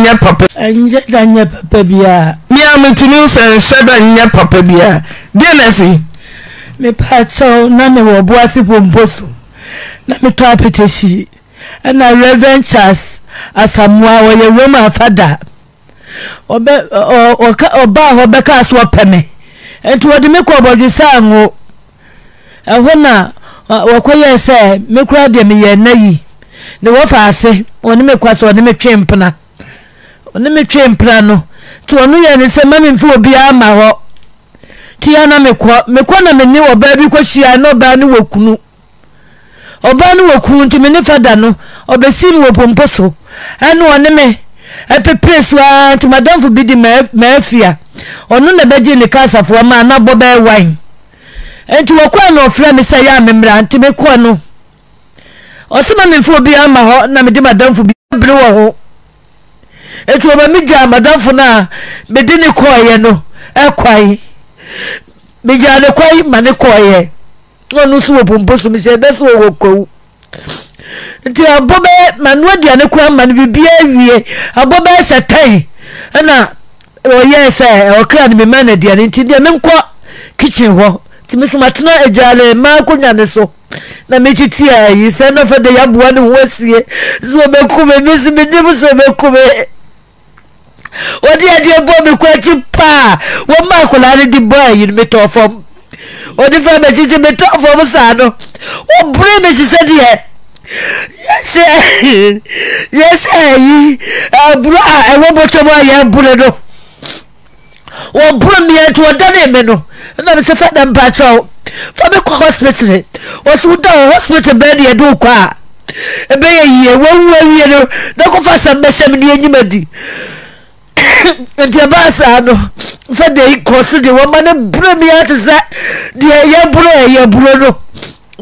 nyɛ papa. ɛnyɛ da nyɛ papa biara. mi a mitumi sɛ nhyɛ da nyɛ papa biara deɛ na ɛsi. mepa akyɛw na mewɔ boase pompo so na metɔ apetahyi ɛna reverend charles asamoa wɔyɛ roman fada ɔbɛ ɔ ɔka ɔbaa hɔ bɛka so ɔpɛ me nti wɔde me kɔ ɔbɔdwe saa ngo ɛhɔ na wɔkɔyɛ sɛ mekura deɛ meyɛ nna yi na wɔfa ase wɔne me kwa so wɔne me twe mpena ɔne me twe mpra no nti ɔno yɛ ne sɛ mami mfe obiara ma hɔ nti ya na mekɔ mekɔ na mene ɔbaa bi kɔhyia na ɔbaa no wɔ kunu ɔbaa no wɔ kunu nti mene fada no ɔbɛsi me wɔ pompo so ɛne ɔne me ɛpepere so ara nti madamfo bi di maafia ɔno na bɛgye ne kasafoɔ ma anabɔ bɛɛ wan nti wɔkɔa na ɔfrɛ me sɛ yɛ a memmra nti mekɔɔ no ɔsɛ ma memfe obiara ma hɔ na mede madamfo bi bere wɔ ho nti wɔn ani gya amadamfo no a mede ne kɔɔyɛ no ɛkwae megyaa ne kwae ma ne kɔɔyɛ na ɔno nso wɔ pompo so mehyɛ ɛbɛ sɛ wɔwɔ kwawu nti abɔ bɛyɛ manoa aduane koa ma no biribiara awie abɔ bɛyɛ sɛ tɛn ɛna ɔyɛ sɛ ɔkra no mema no aduane nti deɛ menkɔ kitchen hɔ nti me so matena agyale ma akonnwa ne so na mekyiti ayi sɛ na fɛ de yɛaboa ne ho asie sɛ wɔbɛkume me si menim sɛ wɔbɛkume wɔde adeɛ bɔ me kɔ akyi paa wɔma akwadaa no de bɔɔ ayi no metɔɔ fam wɔde fa m'akyi sɛ metɔɔ fam saa no wɔbere me sisɛ deɛ yɛhyɛ yɛsɛ ayi aburo a ɛwɔ bɔtɔ mu a yɛabore no wɔboro meɛ nti wɔdane me no na mesɛ fa da mpakyɛw fa mekɔ hospital wɔsɛ woda wɔ hospital bɛɛ ne yɛde wokɔ a ɛbɛyɛ yie wawu awie no na kɔfa sɛ mmɛhyɛ m ne yɛnyim nti ɛbaa saa no fɛ de yi kɔ so deɛ wɔma ne buro mi ate sɛ deɛ ɛyɛ buro ɛyɛ buro no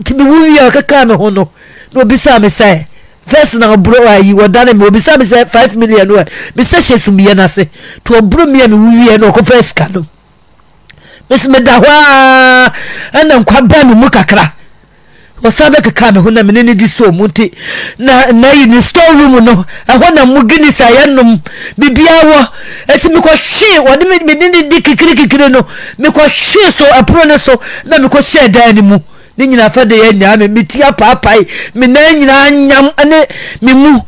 nti mi wu wie a ɔkeka mi ho no na obi saa mi sɛ first na ɔburo ayi wɔdane mi obi saa mi sɛ five million wɛ mi sɛ hyɛ sumiɛ n'ase to ɔburo mi a mi wu wie na ɔkɔ first ka no mesi mi da hɔ aa ɛna nkwa bɛn mi mu kakra wɔsan bɛkeka me ho na mene ne di so mu nti na nayi ne store room no ɛhɔ na mu guinness a yɛnom biribiaa wɔ ɛti mekɔhwee wɔde mene ne di kikirikikiri no mekɔhwee so ɛpono no so na mekɔhyɛɛ dan no mu ne nyinaa fɛ de yɛ nyaa me meti apaapae me nan nyinaa nyam ne me mu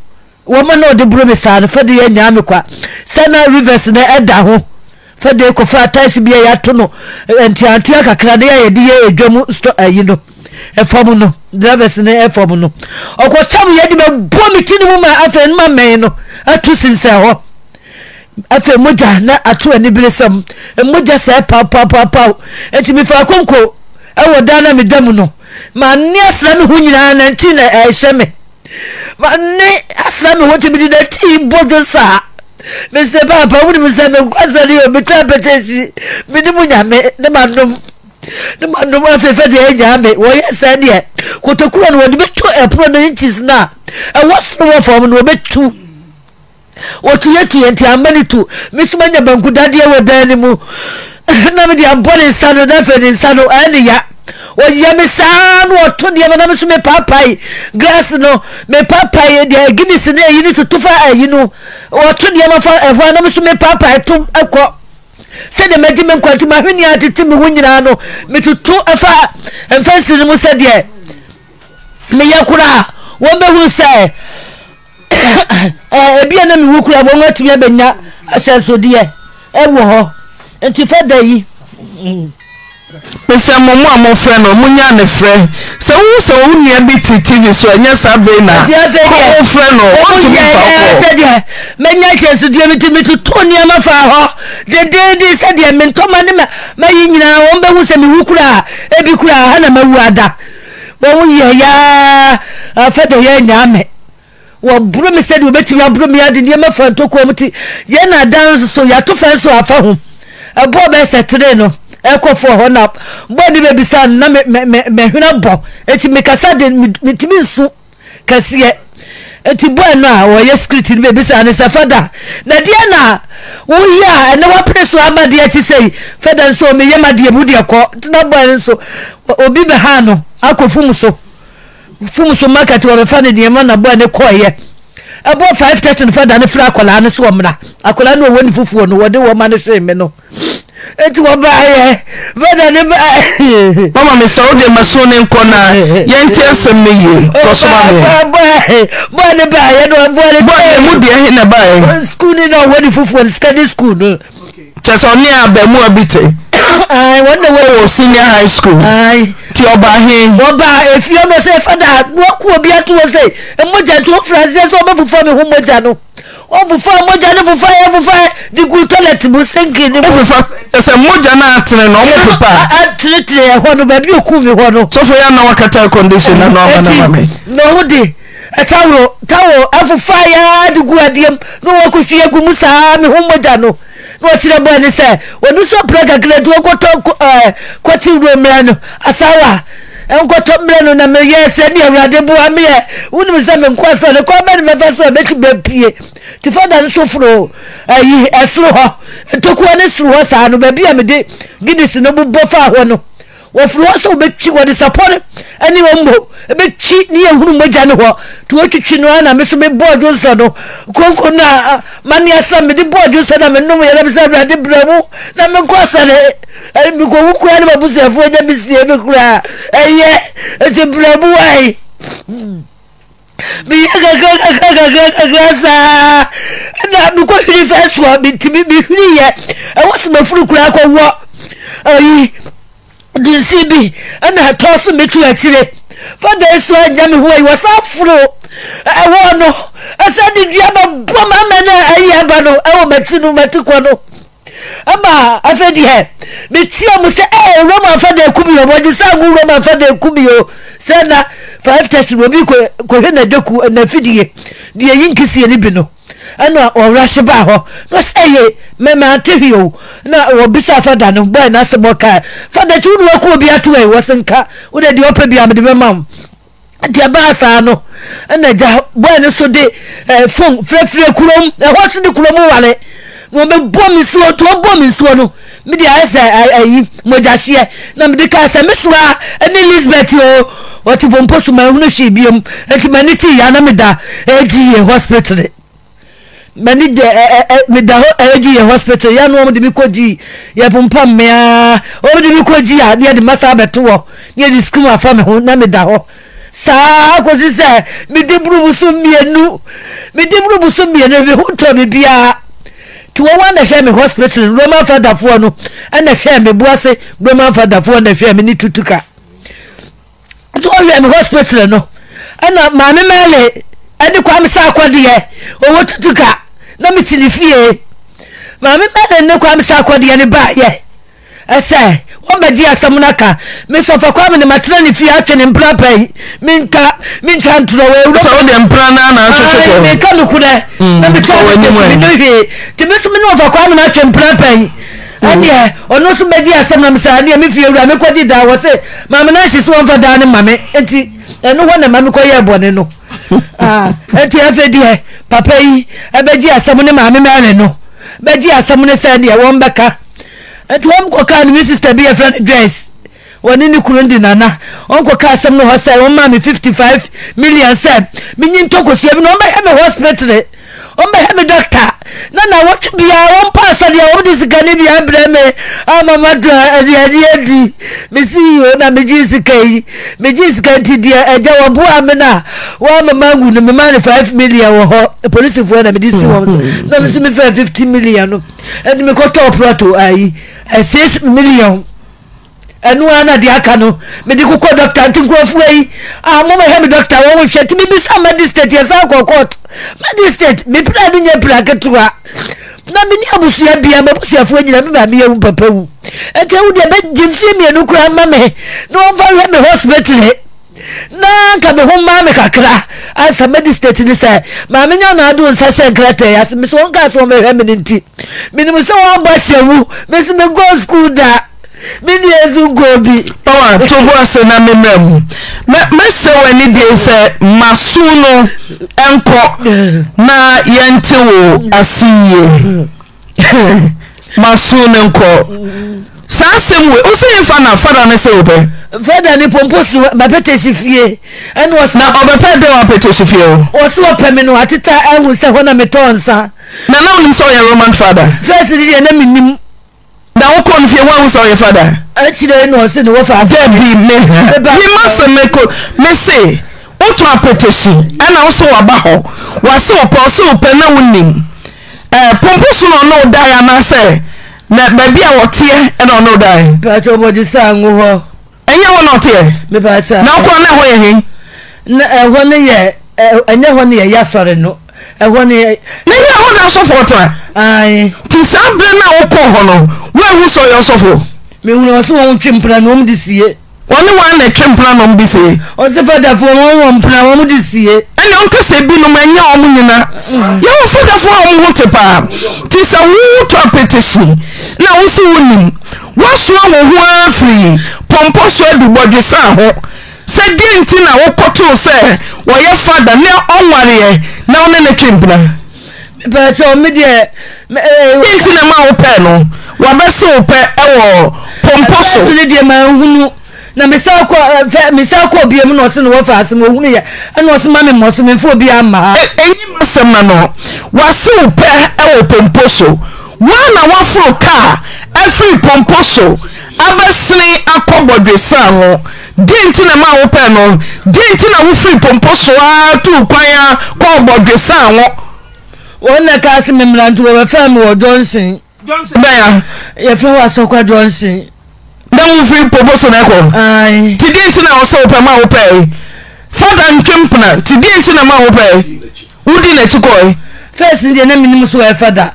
wɔma na ɔde boro me saa no fɛ de yɛ nyaa me kwa sana rivers na ɛda ho fɛ de kɔfa ataase bi a yɛato no ntiantia kakra de a yɛde yɛ adwam ayi no ɛfam no drivers no ɛfam no ɔkɔtwam yɛ de bɛbɔ me ti no mu ma afei no ma mmɛn no ato sinsɛn hɔ afei mogya na ato ani bere sɛm mogya sɛ papapapaw nti mefa konko ɛwɔ dan na meda mu no maane asra me ho nyinaa nanti na ɛhyɛ me maane asra me ho nti mede nati bɔ dwo saa mesɛ paapa wonem sɛ menkwa ne yɛ metra pɛtɛhyi mene mu nyame ne manom ne ma ne ma deɛ eh, ɛnyaa me wɔyɛ sɛ deɛ kotokuro no wɔde bɛtu ɛpono no inches no a ɛwɔ soro wɔ fam no wɔbɛtu wɔtuyɛtuyɛ nti ama no eh, tu me eh, so manya banku dadeɛ wɔ dan no mu na mede abɔ ne nsa no na afei ne nsa no ɛne ya wɔyɛ me saa no wɔto deɛ ma so mepaapae glass no mepaapae deɛ guinness ne ayi no toto fa ayi no wɔto deɛ ma fa ɛhɔ a na me so mepaapae to ɛkɔ sɛdeɛ magye me nkwanto mahwene a tete me ho nyinaa no metoto ɛfa mfɛnsi no mu sɛdeɛ meyɛ koro a wɔbɛhu sɛ ebia na mewu kora wɔn atumi abɛnya asɛnsodeɛ ɛwɔ hɔ nti fa da yi mesɛ mo mu a mofrɛ no monya ne frɛ sɛ wohu sɛ wo nua bi te tv so ɛnyɛ saa bei na wofrɛ no wotumisɛdeɛ mɛnya hyɛ sodeɛ mete metoto nneɛma fa hɔ dedeede sɛdeɛ mentɔma ne mayi nyinaa wɔn bɛhu sɛ mewu kora a ɛbi kora a hana mawu ada wɔwo yɛyaa afa da yɛ nyaame wɔboro me sɛdeɛ wɔbɛtumi aboro me ade nneɛma fa ntokoɔ mu ti yɛna adan so so yɛato fa so afa ho ɛboɔ bɛsɛ tere no ɛkɔfoɔ hɔ na bɔɔde bɛbisa na mɛhwene bɔ ɛti mekasa de metumi nso kɛseɛ ɛti bɔɔ no a wɔyɛ security no bɛbisa ne sɛ fada na deɛ na woyɛ a ɛnɛ wapene so ama deɛ akyi sɛ fada nso ɔmeyɛ ma deɛ mu deɛ kɔ nti na bɔɔ no nso obi bɛha no akɔ fom so fom so market wɔbɛfa ne nneɛma na bɔɔ ne kɔɔyɛ ɛbɔ five thirty no fada ne firi akɔlaa ne so ɔmmra akɔlaa no ɔwɔ ne fufuo no wɔde wɔma ne hwee me no eti wɔ baayɛ bɛda ne baayɛ. mama mi sa o de ma so ne nkɔ na yɛn ti asɛm ne yie kɔsɔma mi. bɔn bɔn bɔn ne baayɛ no bɔn ne. bɔn ne mu deɛ na sukuu ni na wɔn ni fufuo study school no. kyesɛ ɔne abɛmua bi te. ayi wɔn na wɔ senior high school. ayi ti ɔba he. ɔba efi ɔmɔ sɛ fada wɔkuo bi ato wɔ sɛ mogya to fura sɛ sɛ ɔbɛ fufuo mi ho mogya no o fufu a mogya ne fufu a yɛ fufu a de gu toilet mu sinki ne mu. o fufu ɛsɛ mogya na atene na ɔmo pepa. a atenetene ɛhɔ no baabi oku mi hɔ no. sɔfo yɛ anaw akata condition na na ɔma na ma mi. na ɔmo de ɛtawo tawo afufu a yɛ de gu adeɛ mu na wɔn akɔhwi egu mu saa ne ho mogya no na ɔkyerɛ bɔ ne sɛ wɔn nso apira kakra de wɔn kɔtɔ ɛɛ kɔti wura mmerɛ no asaawa nkɔtɔ mmerɛ no na meyɛ sɛ ne awurade boa meyɛ wonim sɛ menkɔ sɛ ne kɔbɛ ne mɛfa sɛ ɔbɛti bɛpie nti fada nso foro ayi eh, ɛsoro eh, hɔ ntokua ne soro hɔ saa no baabi a mede guinness no bobɔ faa hɔ no wɔfiri hɔ sɛ wobɛkyi wɔde sapɔre ɛne wɔ mbo ɛbɛkyi ne yɛhunu mogya ne hɔ nti wɔtwitwi no a na me so mebɔɔ dwonsɛ no konko no mane asa mede bɔɔ dwonsɛ no a menom yɛna me sɛ awurade brɛ mu na menkɔ asane mekɔwu koraa ne mabusuafoɔ nya mesie me koraa ɛyɛ ɛti brɛ mu ai meyɛ kakra kakra kakra kakra saa na mekɔ hwiri fɛ soɔ mentimi mehwiriyɛ ɛwɔ sɛ mafuru koraa kɔwɔ ayi dinsi bi ɛna ɛtɔ so metu akyire fada esu anya me hɔ yi wɔsan foro ɛwɔ no ɛsɛ de dua bɛ bɔ ma ama na ɛyɛ aba no ɛwɔ mɛti no mɛti kɔ no ama afɛ deɛ metia mu sɛ ɛɛ roma fada eku mi o wɔde sɛ agu roma fada eku mi o sɛ na five thirty obi kɔ kɔhwɛ na deku ɛna fidie deɛ yi nkisi yɛ ne bi no ɛna ɔwura se ba hɔ na ɔsɛ ɛyɛ mɛmɛ ate hwi o na wɔbisa fada no bɔɔ ɛna se bɔ kaa fada kyi wone wakɔ obi ato ɛ e, wɔse nka wode deɛ ɔpɛ bi a mede bɛma m nti saa no ɛna gya bɔɔ no so de fon firɛfirɛ kurom ɛhɔ so de kurom wale wọn bɛ bɔ mi nsuo tí wọn bɔ mi nsuo no mi de ayɛ sɛ ɛyi mɔdyaseɛ na mi de ka sɛ mi soa ɛne elizabeth o wɔte bɔ mposo ma ehunu si ebiem eti ma ne ti ya na mi da edi yɛ hospital mani gye ɛ ɛ meda hɔ ɛɛdwi yɛ hospital yɛ no wɔn de bi kɔ gyi yɛ pompa mmea wɔn de bi kɔ gyi a ne yɛ de masa abɛto hɔ ne yɛ de skim afa mi ho na meda hɔ saa kɔsi sɛ mede burubu so mmienu mede burubu so mmienu mi ho tɔ mi biara ti wɔn na hwɛ mi hospital roman fadafoɔ no ɛna hwɛ mi buase roman fadafoɔ na hwɛ mi ne tutuka ti wɔn hwɛ mi hospital no ɛna maame mɛlɛ ɛde kwamisa akɔdeɛ owó tutuka na mete ne fie maame bɛne ne kwa mesa akɔdeɛ ne baayɛ ɛsɛ wɔbɛgye asɛm no aka mesɔfa kwa mene matena ne fie atwe ne mpra pa yi menka mentwa ntorɔwmeka nokorɛ na metɔmene hmm, hwee nti me so mene wɔfa kwa mene atwe mpra pa yi ɛneɛ ɔno so bɛgye asɛm na mesa neɛ me fie wura mekɔgye daa wɔ se maame no ahye so wɔmfa daa ne ma me ɛno hɔ na maame kɔyɛ bɔne no ah, ɛnti afei deɛ papa yi ɛbɛgye asɛm ne maame mɛre no bɛgye asɛm ne sɛ deɛ wɔn bɛka ɛnti wɔn kɔ kaa no mi sista bi yɛfrɛ no dress wɔne ne kunu di nana wɔn kɔ kaa asɛm no hɔ sɛ wɔn maame fifty five million sɛ menyi ntɔkɔsia bi na wɔn bɛyɛ no hospital ɔmbɛhɛ me dɔkta ah, eh, eh, eh, na na wɔtwe biara wɔmpa asa deɛ wɔmde sika ne bia brɛ me ama mado aduane adi mesi yio na megye sika yi megye sika nti deɛ agya wɔboa me na. a wɔama mangu no mema ne 5 million wɔ hɔ polisifoɔ na mede si wɔn so na meso mefaa fifty million no ɛde mekɔtɔɔ prato ayi Six million ɛnu ana deɛ aka no mede kokɔ dɔkta nti nkurɔfoɔ yi a ah, momɛhɛ me dɔkta wɔn ho hwɛ nti mebisa magistrate yɛsa kɔ court magistrate mepira no nyɛ pira ketewa na ni abusua bia mabusuafoɔ nyina me maameyɛ wu papa wu ɛnti wo deɛ bɛgye mfie mmienu koraa ma me na wɔmfa hwɛ me hospitale na nka me ho maa me kakra ansa magistrate ni sɛ maame nya na ado nsa hyɛ nkrataa ase me sɛ wɔnka sɛ wɔmɛhwɛ me no nti menim sɛ wɔabɔ hyɛ wu mesi me go school daa meds gobi wa tobo ase no memmrɛ mu mɛsɛ wo ane deɛ sɛ ma soo no nkɔ na yɛnte wo aseyie masoo no nkɔ saa sɛm e osɛ yifa na fatha no sɛ wo pɛ ɔbɛpɛ dɛ oapɛtsi fie nana wonom sɛ ɔyɛ roman fate na wokɔ no fie woahu sɛ woyɛ fada dabi me mema sɛ meko mese woto apɛtɛhyi ɛna wo sɛ woaba hɔ wase wopɛ wo sɛ wopɛ na wonim pompo so na ɔne wo dae anaasɛ na baabi a wɔteɛ ɛna ɔne wo dae ɛnyɛ hɔ na ɔteɛ na wokɔ ne ɛhɔ yɛ he ɛnyɛ hɔ no yɛ yɛ asɔre no ɛhɔ ne yɛ. ne yɛ ɛhɔ na asɔfo ɔtɔ a. ayi. ti saa bere na ɔkɔ hɔ no wɔn ehu sɛ ɔyɛ ɔsɔfo. mehuna ɔsɛ wɔn twe mpira na wɔn de sie. wɔn ne wɔn na twe mpira na wɔn de sie. ɔsɛ fadafo wɔn wɔ mpira wɔn de sie. ɛnna wɔn kasa binom ɛnyɛ wɔn nyina. yɛwɔ fadafo a wɔn ho te paa ti sɛ wɔn tɔ apɛtɛsi na wɔn si wɔn nim wɔasoa wɔn ho afiri pɔmpɔ so adu bɔdwe saa ho sɛ deɛ nti na wɔkɔtoo sɛ wɔyɛ fada ne ɔnwareɛ na wo ne ne twe mpena pẹ̀tọ́ mi diẹ. Bíntì náà máa wò pẹ́ no, wà bẹ́ sí pẹ́ ẹ wọ pọ̀npọ̀ so. Ẹ̀bá sí ni diẹ máa ń hunu na misa kọ eh, fẹ misa kọ bie mu na ọsẹ eh, eh, na wọfẹ asem ohun yẹ ẹna ọsẹ maa mọ ọsẹ mi fún obi ama. Ẹyin ma sẹ́mu na nọ, wà sí wò pẹ́ ẹ wọ pọ̀npọ̀ so, wọ́n na wọ́n fún káà ẹ firi pọ̀npọ̀ so, abẹ́sìn akọ bọ̀dùsán wọn. Dinti na maa wopɛ no deɛ na wofiri pompo so a tu kwan a kɔɔ bɔdwe saa wɔ. wɔn na kaa se mmeranteɛ wɔbɛfɛ mi wɔ johnson. johnson bɛyà. yɛfɛ wɔ asɔkwa johnson. na wofiri pompo so na ayi ti deɛ na wɔsɛ wopɛ maa wopɛ yi fada ntwem ti deɛ na maa wopɛ yi wodi n'akyi kɔɔ yi. fɛs deɛ na mi nim so wɔyɛ fada.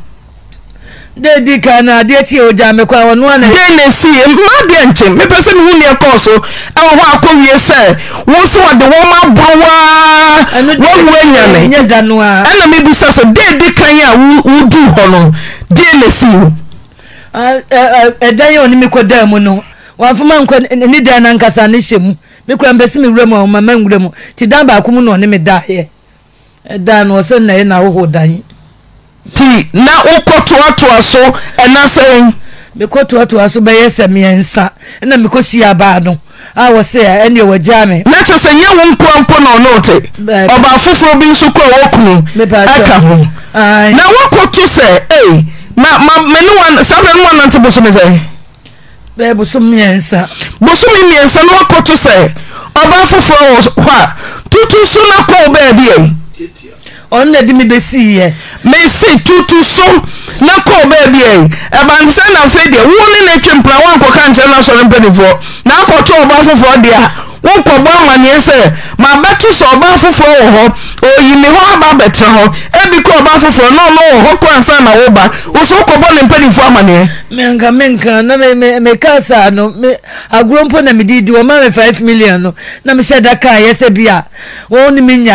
dedi ka na adeɛ tie ogya mekɔ a ɔno ana. den na esi yɛ mmaa deɛ nkyɛn mepɛ sɛ mihu nea kɔɔ so ɛwɔ hɔ akɔwie sɛ wɔn so wɔde wɔn aboro waa wɔn wu enyane ɛna mebisa sɛ dedi kan a wodu hɔ no den na esi yɛ. ɛdan yɛ ɔne mekɔ dan mu no wafoma nkɔ ne dan nankasa ne hyɛ mu mekura mpɛ sɛ mewura mu a ɔmama nwura mu nti dan baako mu e na ɔne me daeɛ ɛdan no ɔsɛ nnɛɛ na ahohoro dan yi. nti na wokɔ toatoa so ɛna sɛn mekɔ toatoa so bɛyɛ sɛ miɛnsa na mekɔ hyia baa no a wɔ sɛ ɛneɛ wɔgyaa me na kyɛ sɛ nyɛ wo nkoa mpo na ɔno te ɔba foforɔ bi nso kora wɔkunu ɛka ho na wokɔto sɛ e mene saa bɛ no wanante bosome sɛ bosom miɛnsa bosome miɛnsa na wakɔto sɛ ɔbaa foforɔ wɔ hɔ a tutu so na kɔ wo baabi ɔno na de me bɛsiiɛ mesi tutu so na kɔɔ baabi ɛyi eh. ɛbantisɛ na afei deɛ wo ne ne twe mpira wankɔka nkyɛn na asɔre mpanimfoɔ na akɔtɔ ɔba foforɔ deɛ wokɔbɔ amanneɛ sɛ maabɛto sɛ ɔban foforɔ wɔ hɔ hɔ aba hɔ ebi kɔ foforɔ na ɔno wɔ hɔ koansa na woba wo sɛ ne mpanimfoɔ amanneɛ na meka saa no agorɔ mpo na mede di wɔma me 5 million no na mehyɛ da kaa yɛ sɛ bi a wɔwo ne nti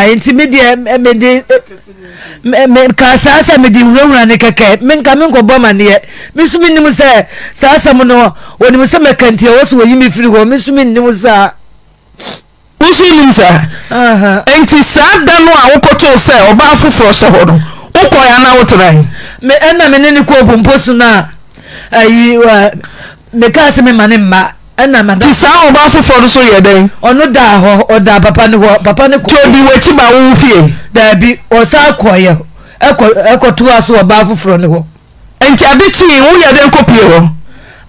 ka saa sɛ ne kɛkɛ amanneɛ sɛ saa no sɛ wosonim saa ɛnti saa da no a wokɔtoo sɛ ɔbaa foforɔ hyɛ hɔ no wokɔe ana woterae ɛna mene ne kɔɔpo mpo so no a ayi mekaa sɛ mema ne mma ɛnamti saa ɔbaa foforɔ no so yɛ dɛn ɔno daa hɔ ɔdaa papa ne hɔ papa ne nti odi w'akyi ba wo wo fie daabi ɔsaa kɔyɛ ɛkɔtoa so ɔbaa foforɔ ne hɔ ɛnti ade kyii woyɛ dɛn kɔpie hɔ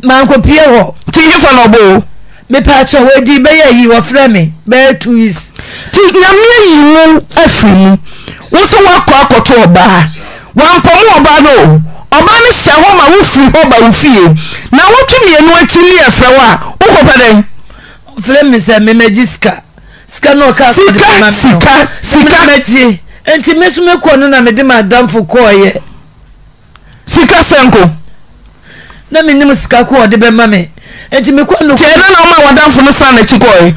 mankɔpie hɔ nti yefa no ɔbɔo mepɛtɛ wɔdi bɛyɛ yi wɔfrɛ me bɛyɛ two weeks. ti nyame yi mu afiri mu woso wakɔ akɔto ɔbaa wampɔmu ɔbaa no ɔbaa no hyɛ hɔ ma wofiri hɔ ba wo na woto mmienu akyi ne yɛfrɛ wo a wokɔpɛ dɛn frɛ me sɛ memagye sika sika no ɔka sika sika sika nti me so mekɔ no na mede madamfo kɔɔyɛ sika sɛnko na mi menim sika ko ɔde bɛma me nti mi kɔ nukwu. tiɛ ne na ɔmo a wadanfo no san n'akyi kɔ yi.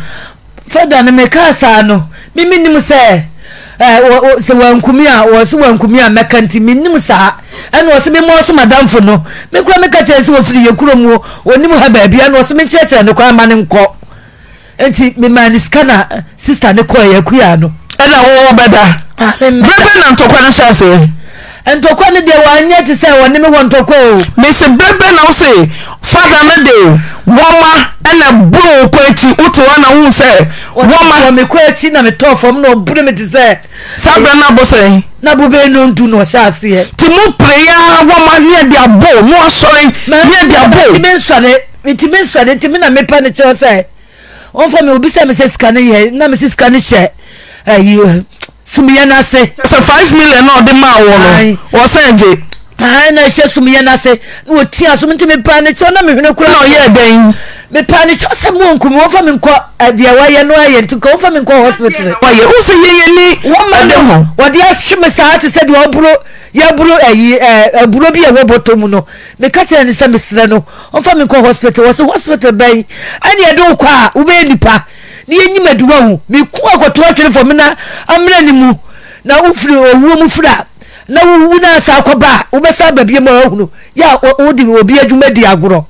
fada ne mi kaa saa no mimi nim sɛ ɛɛ eh, wɔ wɔ sɛ wankumi a wɔsi wankumi a mɛka nti mi nim saa ɛna wɔsi mi ma ɔso madanfo no mi kura mi ka kyerɛ sɛ wofiri yɛ kurom wo onim ha baabi ɛna wɔsi mi kyerɛkyerɛ ne kwan ma ne nkɔ nti mi maa ne sika na eh, sista ne kɔɛ yɛ kuya no. ɛna wɔwɔ bɛda ah, bɛbɛ na ntɔkwa no hyɛ ntɔkwa ne deɛ wɔanyɛ te sɛ wɔne me wɔ ntɔkwa o. mesi bɛbɛ na wosɛ fada no de wɔma ɛna buru wo kɔ akyi wote hɔ na wohu sɛ wɔma. wɔ me kɔ akyi na me tɔɔ fam na ɔburu me te sɛ. saa berɛ no abɔ sɛn. na bobe no ntu na ɔhyɛ aseɛ. ti mu pere ya wɔma ne yɛ de abo mu asɔre ne yɛ de abo. mɛ ntumi nsɔre ntumi nsɔre ntumi na mepɛ ne kyerɛ sɛ wɔn fɔ mi obi sɛ mi sɛ sika ne yɛ na mi sɛ sika ne hyɛ ɛyi sumiya n'ase. sɛ five million náà ɔde maa wɔ no wɔsɛn gye. ahan na ɛhyɛ sumiya n'ase na wò tí a so nti mi pa ne kyɛw na mi hwene kura. na ɔyɛ ɛdɛn. mi pa ne kyɛw sɛ mu nkumi wɔn fa mi nkɔ adeɛ wɔyɛ no ayɛ nti wɔn fa mi nkɔ hospital. wɔyɛ o sɛ yeye ni ɔde ho. wɔde ahwe mi saa te sɛ deɛ ɔburo yɛburo ɛyi ɛɛ ɛburo bi a ɛwɔ bɔtɔ mu no mi ka kyerɛ ne sɛ mi srɛ no wɔn fa mi nkɔ hospital wɔ hospital bɛyi ɛni ɛde okɔ a wobɛyɛ nipa na yɛnyim aduwa ho meku akɔtoa twere fam na amena ne mu na wofiri owuo mu firi a na wowu no asa akɔba a wobɛsa baabia ma wahunu yɛ wode obi adwuma di agorɔ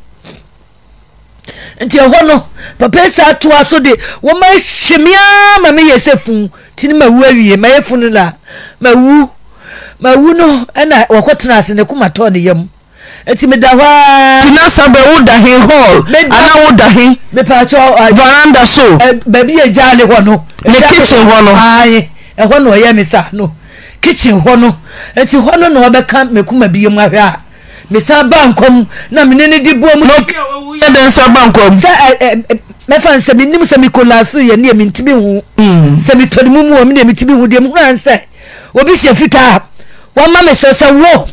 nti ɛhɔ no papa sa toa so de wɔma hwɛ me a ma meyɛ sɛ fu nti ma mawu awie mayɛ fu no la mawu mawu no ɛna wɔkɔtena ase ne koma tɔɔ ne yam nti mi da hɔ aa. tina sábẹ wo da hall ana wo da hin. mipatɔ veranda so. baabi yɛ gyaale hɔ no. ne kitchen hɔ no. ayi ɛhɔ na ɔyɛ mi sa no kitchen hɔ no nti hɔ no na ɔbɛka mekuma bi yam ahwɛ a mesa ba na mene ne di buom. n'o yɛ dɛ nsa ba nkɔm. sɛ ɛ ɛ mɛfa nsɛm nim sɛ mikolaase yɛ ne yɛ mi ntumi hu. sɛ mi mu wɔ mi ne mi ti hu deɛ mu hura nsɛ obi hyɛ fitaa wɔn ma mi sɛ sɛ wɔ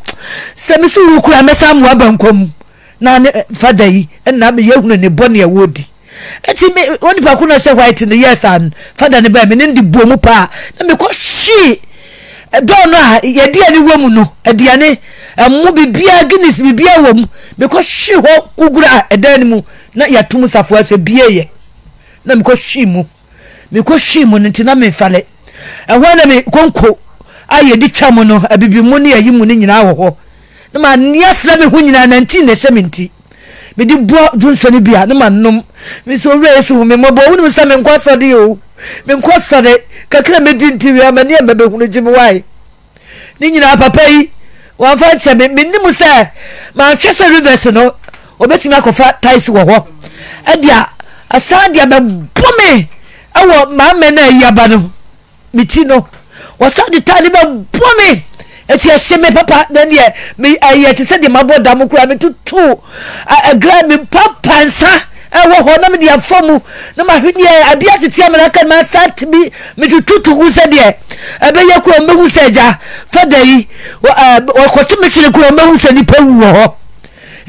sɛ mi si kura mɛsa mu aba nkɔm na ne eh, fada yi ɛna mi yɛ hunu ne bɔ ne di eti mi wɔn nipa ko na hyɛ white ne yɛ sa fada ne bɛn mi ne di buo mu paa na mi kɔ hwii dɔɔ no a yɛdiani wɔ mu no aduane ɛmo bibia guinness bibia wɔ mu mekɔ hwe hɔ kugura ɛdan mu na yɛatom safoa so bie yɛ na mekɔ hwe mu mekɔ hwe mu no nti na memfale ɛhɔ na mekonko a di twa mu no abibi mu ne yɛyi mu no nyinaa wɔ hɔ ne ma nea sra mi ho nyinaa nanti na ɛhyɛ mi nti mede boɔ dunso no bia ne ma nom mesɛ owura yɛsi hu me mmɔbɔ wonim sɛ menkɔ sɔde o menkɔ sɔde kakra mɛdi nti wie amani a mɛbɛhunu gye me wae ne nyinaa papa yi wɔmfa nkyɛ me mennim sɛ mahwɛ sɛ rivers no wɔbɛtumi akɔfa tis wɔ hɔ ɛdeɛ asaa deɛ bɛbɔ me ɛwɔ maame na ayi aba no meti no wɔsa de taa de bɛbɔ me ɛti ɛhyɛ me papa na neɛ me ɛyɛ te sɛ deɛ mabɔ da mo kora metoto agra me papa nsa ɛwɔ hɔ na mede afa mu na mahwe neɛ eh, adeɛ atete amana ka ma sa tumi metututu ho sɛ deɛ eh. ɛbɛyɛ eh, kora mbɛhu sɛ agya fa da yi wɔkɔto me kyere kora mbɛhu sɛ nnipa wu wɔ hɔ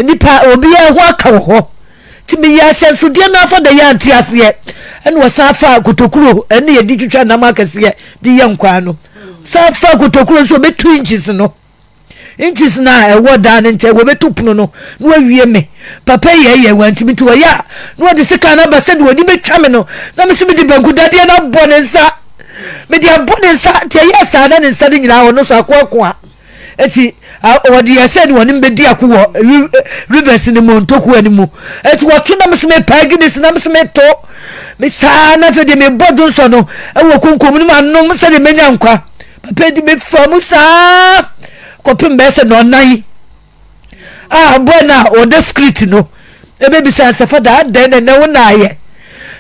nnipa obiaa ho aka wɔ hɔ tìmí yẹ ahyɛnsodeɛ no afa da yɛ ante aseɛ ɛna wɔsan afa kotokuro ɛne yɛdi twitwa nam akɛseɛ de yɛ nkwa no san afa kotokuro nso wɔbɛtu inches no inches na a ɛwɔ dan ne nkyɛn wɔbɛtu pono no na wɔawie me papa yɛ yɛ wɔn ntumi nti wɔyɛ a na wɔde sika no aba sɛdeɛ wɔde bɛtwa me no na me nso mede banku dadeɛ no abɔ ne nsa mede abɔ ne nsa nti ɛyɛ saa na ne nsa no nyinaa wɔ no so akoakoa eti wɔde yɛsɛ ni wɔne bɛdi ako wɔ rivers ne mu ntokua ne mu eti wɔto nam so mepae guinness nam so meto saa na afei deɛ mebɔ do nsɔ no ɛwɔ konkom no mu anom sɛdeɛ mɛnya nkwa papa di mefa mu saa kɔpem bɛɛ sɛ nɔnan a boɛ no a wɔda skrit no ɛbɛbisa e, sɛ fa daa dɛn dɛn na wo naayɛ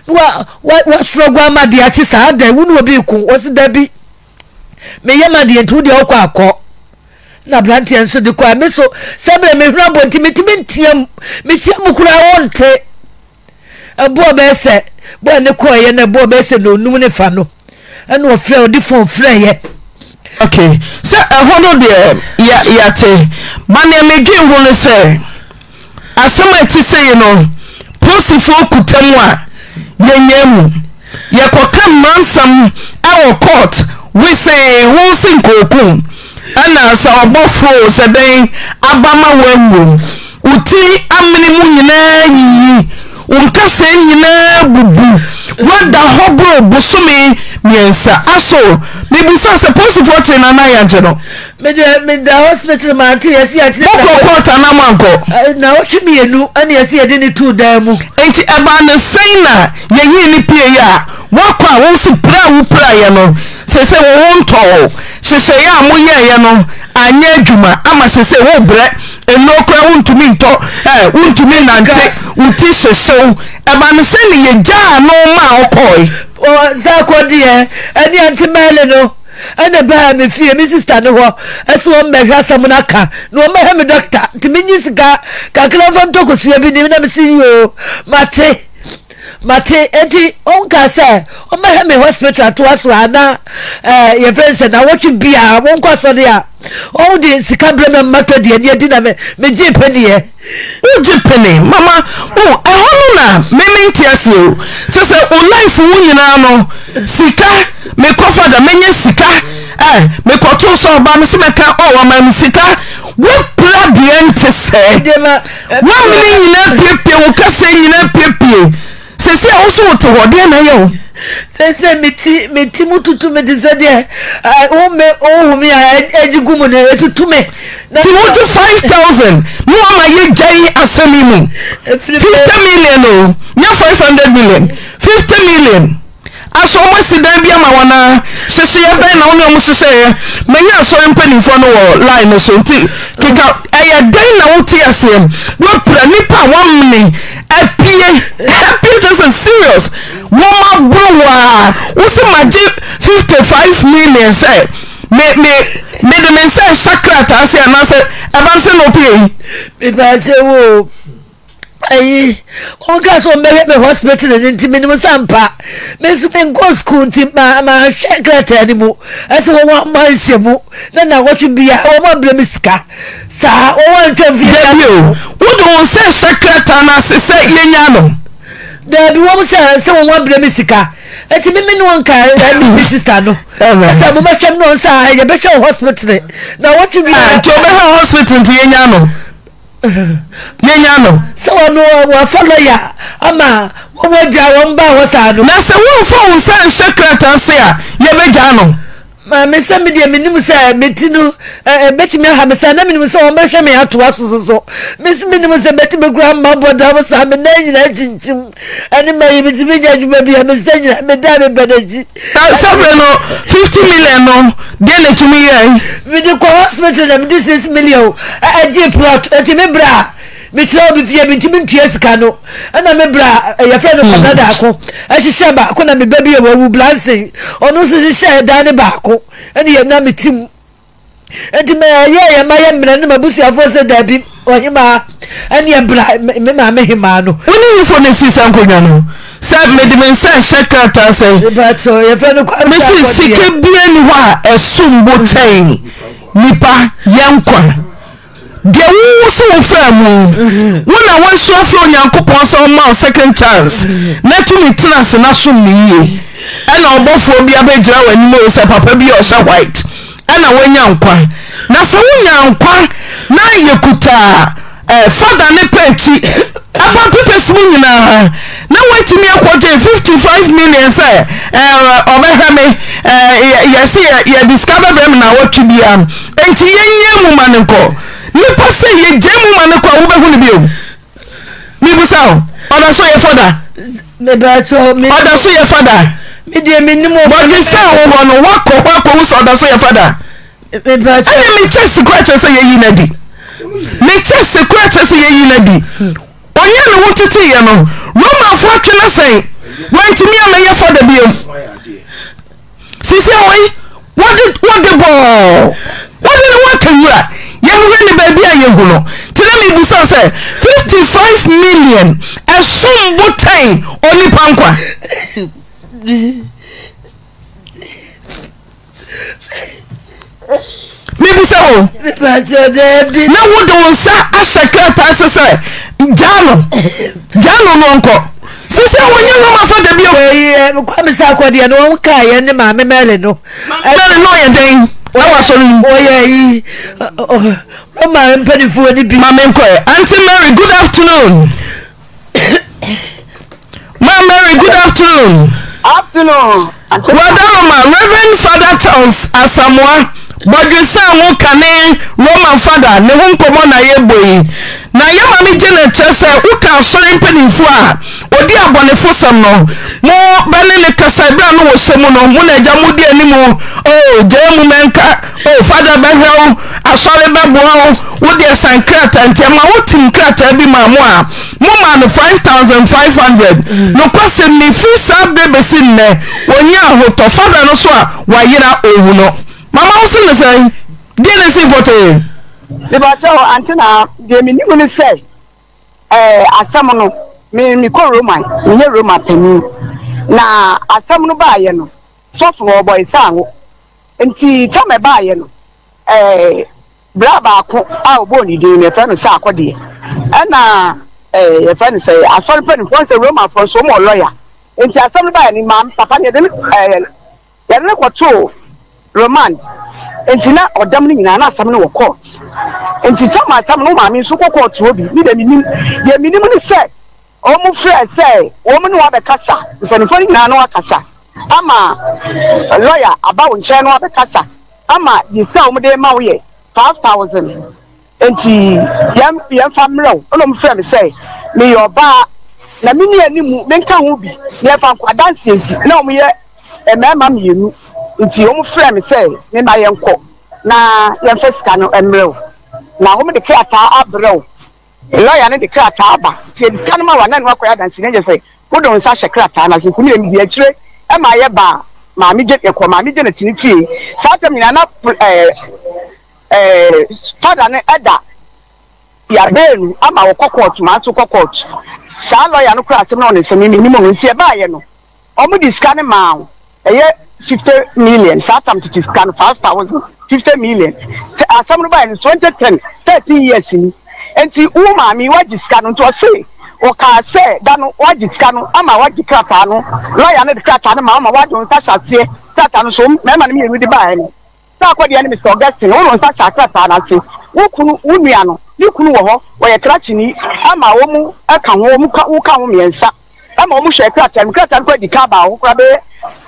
wa wa wa sorogu ama deɛ akyi saa dɛn wo ne wɔ bi ko wɔsi da bi meyɛ ma deɛ nti wo deɛ ɔkɔ akɔ na aberanteɛ nso de kɔ me so sɛ berɛ mehwere abɔnti metumi ntea mu metia mu koraa wonte ɛboɔ bɛɛ sɛ boɔ ne kɔɔyɛ no ɛboɔ bɛɛ sɛ na onum ne fa no ɛna ɔfrɛ ɔde fon frɛyɛ ok sɛ ɛhɔ no deɛ yɛate ma nea medwen ho no sɛ asɛm a ɛti sei no posifoɔ kuta mu a yɛnya mu yɛkɔka mmansam a court wesee wo se nkookum ɛna sɛ ɔbɔfo sɛ dɛn abama wɔawom wo ti amene mu nyinaa yiyi wo nkasa nyinaa bubu woada hɔ boro bosome mmiɛnsa aso mebisa sɛ posifoɔ te nana yɛagye no meda hospital maante yɛsi akyerɛwokɔ kɔɔta na mankɔ na wɔtwe mmienu ɛne yɛsi yɛde ne too dan mu enti ɛbaa ne sɛn na yɛyii ne pie yi a woakɔ a wo si pra a wopra yɛ no sɛ sɛ wɔwo ntɔwo hyehyɛeɛ a moyɛeɛ no anyɛ adwuma ama sɛ sɛ wobrɛ ɛnuo kora wontumi ntɔ wontumi nante wo ti hyehyew ɛba no sɛ ne yɛgyaa no ma ɔkɔe saa kɔdeɛ ɛne ante mɛle no ɛna baa me fie me sista ne hɔ ɛsɛ wɔn mmɛhwɛ asɛm no aka na wɔn mɛhɛ me dɔkta nti menyi sika kakra mfa ntɔkosua bi nim na mesi yio mate mate eti onka sɛ ɔmɛhɛ mi hospital atoa eh, ah? so ana ɛɛ yɛfrɛ nsɛ na wɔtwe bia wɔnkɔ sɔre a ɔmo de sika brɛ mɛ mmatɔ deɛ ni edi na mɛ mɛ gye peniɛ. o gye peni mama o ɛhɔ no na mímí nti ase o kyɛ sɛ o life wo nyinaa no sika mi kɔfa da mɛ sika ɛ mi kɔto sɔ ɔba me sɛ mɛ ka ɔ ma mi sika wopra deɛ nte sɛ wɔn mi ni nyinaa piepie wɔ kasa nyinaa piepie sese a wote hɔ deɛ na yɛ o. sese meti meti mu tutu meti sɛ deɛ ɔhume ɔhume a ɛgyi gu mu na etutu me. ti wo ti five thousand mu ama yɛ gya yi asɛm yi mu fifty million o nya five hundred million fifty million aso ɔmo asi dan bi ama wɔn a sese yɛ bɛn na wɔn ne ɔmo sese yɛ mɛnyɛ aso mpanyinfoɔ no wɔ line so nti keka ɛyɛ dan na wɔte aseɛ wɔpira nipa a wɔn ne ɛpie ɛpie just as serious wɔn ma buru waa wosi ma gye fifty five million sɛ me me me de me nsa ɛhyɛ krataa se anaasɛ ɛba nsa na opie yi. pípa ṣe wo. ayi ɔka so ɔmbɛhwɛ hospital no nti menim sɛ mpa meso menkɔ skul nti ma krataa no mu ɛsɛ wɔwɔ ama nhyɛ mu na nawɔtwe bia wɔma brɛ me sika saa wɔwɔ ntwa mfidabio wode wo sɛ hyɛ krataa no ase sɛ yɛnya no daabi wɔm sɛ sɛ wɔwɔ brɛ me sika ɛti mímí ni wọn ka ẹni mi sista no ẹsẹ mo bɛ hwɛ mu náà sá yɛ bɛ hospital na wɔtwe bia. o ah, hospital nti yɛ nya no. yɛnya no sɛ wɔno wɔfa lɔya ama wɔwɔgya wɔn ba wɔ saa no na sɛ wɔmfa wo nsa nhyɛ krataa se a yɛbɛgya no maame sɛ deɛ mi sɛ mi no eh, eh, bɛtumi aha mi sɛ ɛna mi sɛ wɔn bɛhwɛ mi atoa so soso mi si sɛ bɛtumi kura ma saa mi nan kyinkyim ɛne ma yi nya adwuma bi a mi sɛ nyinaa mi da no fifty million no deɛ na tumi yɛ. mi de kɔ hospital na mi de million ɛɛ eh, gye plot ɛti mi bra mekyerɛ obi sɛ yɛbintimi ntua sika no ɛna mebrɛ yɛfrɛ no kɔda hmm. daako ɛhyehyɛ baako na meba bi yɛwawu blansen ɔno nso hyehyɛ ɛda ne baako ɛne yɛmna metim nti mɛyɛ yɛ ma yɛ mmerɛ no mabusuafoɔ sɛ daabi ɔhemaa ɛne yɛbra me maame hemaa no wone yifo no si sa nkonnwa no sɛ mede me nsa hyɛ krataa sɛ mesi sika bia ni hɔ a ɛsom bo kyɛe nipa yɛnkwa deɛ wowo sɛ wo faa mu wo na woasu afrɛ onyankopɔn sɛ woma wo second chance na tumi tena ase na som ne yie ɛna ɔbɔfoɔ bi abɛgyina w'anim o sɛ papa bi a ɔhyɛ white ɛna woanya nkwa na sɛ wonya nkwa na yɛ kutaa eh, fada ne pa akyi aba pepa si mu nyinaa na woatumi akɔgye 55 million sɛ eh, ɔbɛhwɛ me eh, yɛse yɛde sika bɛbrɛ me na wɔtwe biara nti yɛnyɛ mu ma ne nkɔ nipa sɛ yɛ gye mu ma ne kɔ a wobɛhu no biom mebusa wo ɔda so yɛ fada ɔda so yɛ fada bɔdwe sɛ wo hɔ no woakɔ hɔ akɔhu sɛ ɔda so yɛ fada ɛne mekyɛ se kora kyerɛ sɛ yɛyi no adi mekyɛ se kora kyerɛ sɛ yɛyi no ɔnyɛ ne wo teteeɛ no romafoɔ atwe no sɛn wantumi amɛyɛ fada biom sisia wei wɔde bɔɔ wɔde ne woaka nwura ahwɛ ne baabi a yɛhu no nti na mebisa sɛ 55 million ɛsom botan onipa nkwa mebisa o na wode wo nsa ahyɛ krataa sɛ sɛ gyaa no gyaa no no ɔnkɔ sisi àwọn eh, yẹn ló máa fẹ́ dẹ̀bi o. kwamisa akɔdeɛ ni wọn ká yẹn ní maame mẹ́rin no. mẹ́rin náà yẹ dẹ́yìn na wasɔre mu. wɔyɛ yi roma mpanimfoɔ ni bi. maame nkɔyɛ aunty mary good afternoon. ma mary good afternoon. afternoon. wadaroma reverend father charles asamoah bɔdwesa ho kane roman fada ne ho nkɔmmɔ na yɛbɔ yi na yɛma no gye ne kyerɛ sɛ woka asɔre a ɔdi abɔnefo sɛm Mo, bɛne ne kasa berɛ a no wɔ mu no mo na agya modi anim o gyaa mu mɛnka o fada bɛhwɛ wo asɔre bɛboa wo wodeɛ sa nkrataa nti ama wotim nkrataa bi ma mo a moma no 5500 nokwasɛm ne firi saa berɛ bɛsi nnɛ wɔnyɛ ahotɔ fada no so a yira owu no mama o se ne sɛn deɛ ne si mpɔtee mebakyɛ hɔ ante na deɛ menim ne sɛ eh, asɛm no mekɔ roman menyɛ roman panin na asɛm no baayɛ no sɔfo no ɔbɔ nsa awo nti kyɛm ɛbaayɛ no ɛɛ bra baako a ɔbɔ ne din no yɛfrɛ no sɛ akɔdeɛ ɛna ɛɛ yɛfrɛ no sɛ asɔre mpanyinfoɔ sɛ roma afɔ nso ɔmo ɔlɔya nti asɛm no baayɛ papa no yɛde ɛɛ yɛde kɔtoo nti na ɔdam no nyinaa na asɛm no wɔ court nti asɛm no maame nso kɔ court wɔ bi ne deɛ deɛ ne sɛ. wɔn frɛ sɛ wɔn ne wɔabɛkasa mpanyinfoɔ nyinaa ne kasa. ama lɔya aba wɔn nkyɛn ne wɔabɛkasa ama disita wɔn de ma wɔyɛ five thousand nti yɛn yɛn fa mmerɛw ɛna wɔn frɛ mi sɛ meyɛ ɔbaa na mi ni anim menka ho bi na yɛfa nkɔ adansi nti na wɔn yɛ mmarima mmienu nti wɔn frɛ mi sɛ ne ma yɛn kɔ na yɛn fɛ sika no mmerɛw na wɔn de krataa abrɛw. lọya ne de krataa ba nti edika no ma wa nan wakɔ adansi ne gye sɛ wodɔ nsa hyɛ krataa na sɛ nkumi emi di akyire ɛma ayɛ ba maame gye ɛkɔ maame gye ne tini fie saa tam nyinaa na ɛɛ ɛɛ fada ne ɛda yabeenu ama wɔ kɔkɔɔt ma to kɔkɔɔt saa lɔya no kora asɛm na ɔne nsɛm emi nimu no nti ɛbaayɛ no ɔmo di sika ne maa o ɛyɛ fifty million saa tam tete sika no five thousand fifty million asɛm no baayɛ no twenty ten thirteen years ni. nti wo maame wagye sika no nti ɔse ɔkaa sɛ da no wagye sika no ama wagye krataa no lɔya no de krataa no ma ama wagye wɔn nsa hyɛ aseɛ krataa no so mmarima no mmienu de baeɛ no saa akɔdeɛ no mr augustine wɔn nsa hyɛ akrataa no ase wo kunu wo nua no ne kunu wɔ hɔ wɔyɛ krakyini ama wɔn mu ka ho wɔn ka wo ka ho mmiɛnsa ama wɔn hyɛ krataa no krataa no kɔ adi ka abaa ho kora bɛyɛ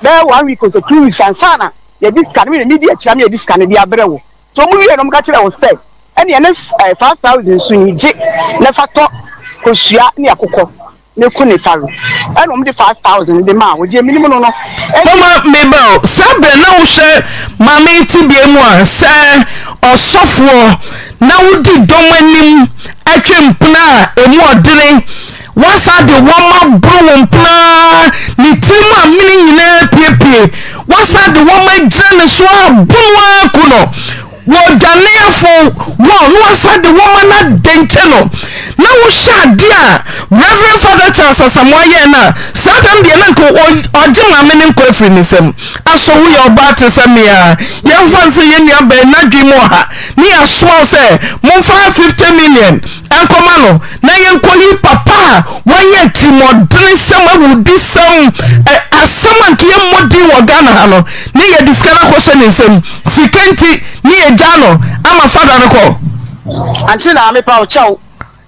bɛyɛ one week or two weeks ansana yɛdi sika no mi na mi di akyira mi yɛdi sika no bi abrɛ wo so wɔn mu wie no mo ka kyerɛ wo sɛ ɛne ɛne ɛɛ five thousand so yi gye na fa tɔ kosua ne akokɔ ne ku ne faro wɔn de five thousand de ma a wɔgye ɛmi nimu no no. mama mabel sábẹ náà wohyɛ maame ti bie mu a sɛ ɔsɔfoɔ na wodi dɔm anim atwe mpona a emu ɔdere wasa de wɔn aboro wɔn mpona ne tirim a mini nyinaa piepie wasa de wɔn agyina ne so a bunu aku wɔɔdwaneafɔ ɔ ne wasade woma na denkɛ no na wohyɛ ade a reverɛn father charles asamoa yɛɛ no a saa dam deɛ na nka ɔgye maame ne nkɔ afiri ne nsɛm asɔ woyɛ ɔbaa te sɛ me a yɛmfa n sɛ yɛnnua bɛn n'adwe mu ɔha ne yɛasoa wo sɛ momfa 50 million ɛnkɔma no na yɛnkɔyi papa a wɔyɛ atirimɔdene sɛm awudi sɛm asɛm a nka yɛmmɔden wɔ ghana ha no ne yɛde sika no akɔhyɛ ne nsɛm sika nti ne yɛgya no ama fada no kɔ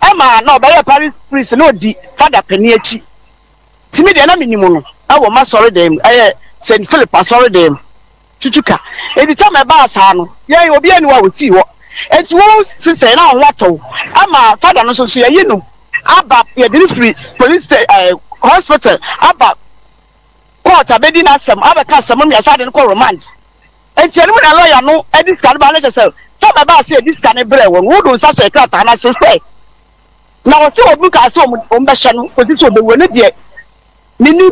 ɛma na ɔbɛyɛ paris priest na odi fada panyin akyi tìmí deɛ nam nim no ɛwɔ ma sɔre dɛm ɛyɛ st philip asɔre dɛm tutuka ebi tí a ma ɛba no yɛn obi ɛni wa osii hɔ etu wɔn sisɛ na ɔho atɔw ama fada no soso yɛyi no aba yɛde no firi police ɛɛ hospital aba court abedi n'asɛm abɛka asɛm mmiɛnsa de no kɔ remand eti ɛnum na lɔya no ɛdi sika no ba ne kyɛ sɛ fam ɛba ase ɛdi sika ne brɛ wɔn wɔn do nsa hyɛ krataa na sisɛ. na wɔte wɔ bu kaa sɛ wɔn bɛhyɛ no wɔte sɛ ɔbɛwura ne deɛ ne ni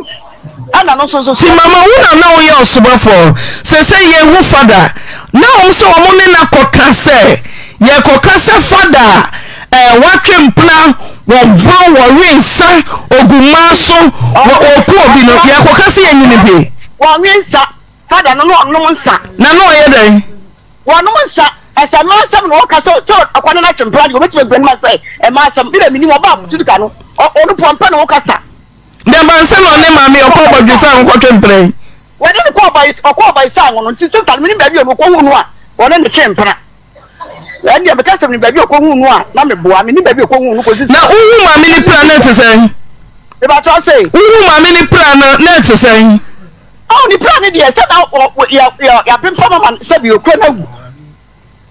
ɛna no nso nso. ti mama wo na na woyɛ ɔsobɔfo sese yɛn hu fada na wɔn nso wɔn ne na kɔka sɛ yɛ kɔka sɛ fada ɛɛ watwe mpena wɔbɔ wɔwe nsa oguma so wɔ oku obi no yɛ kɔka sɛ yɛn nyini bi. wɔwe nsa fada no na ɔnom nsa. na na ɔyɛ dɛ. wɔnom nsa. ɛsɛ mmaa asɛm na ɔka sɛ sɛ ɔkwana no atwe mpra deɛ ɔbɛtumi abura no ma sɛ ɛmaa asɛm bi na menim ɔba apotu ka no ɔno pɔmpɛ na ɔka sa dɛbanse na ɔne maame ɔkɔ ɔbɔdwe sa nkɔtwe mpra yi wɔde ne ɔkɔ ɔba sa ngo no nti sɛ tane menim baabi a ɔkɔhu no a wɔne ne baabi a ɔkɔhu no a na na wohu maame ne pra no ɛte maame pra na na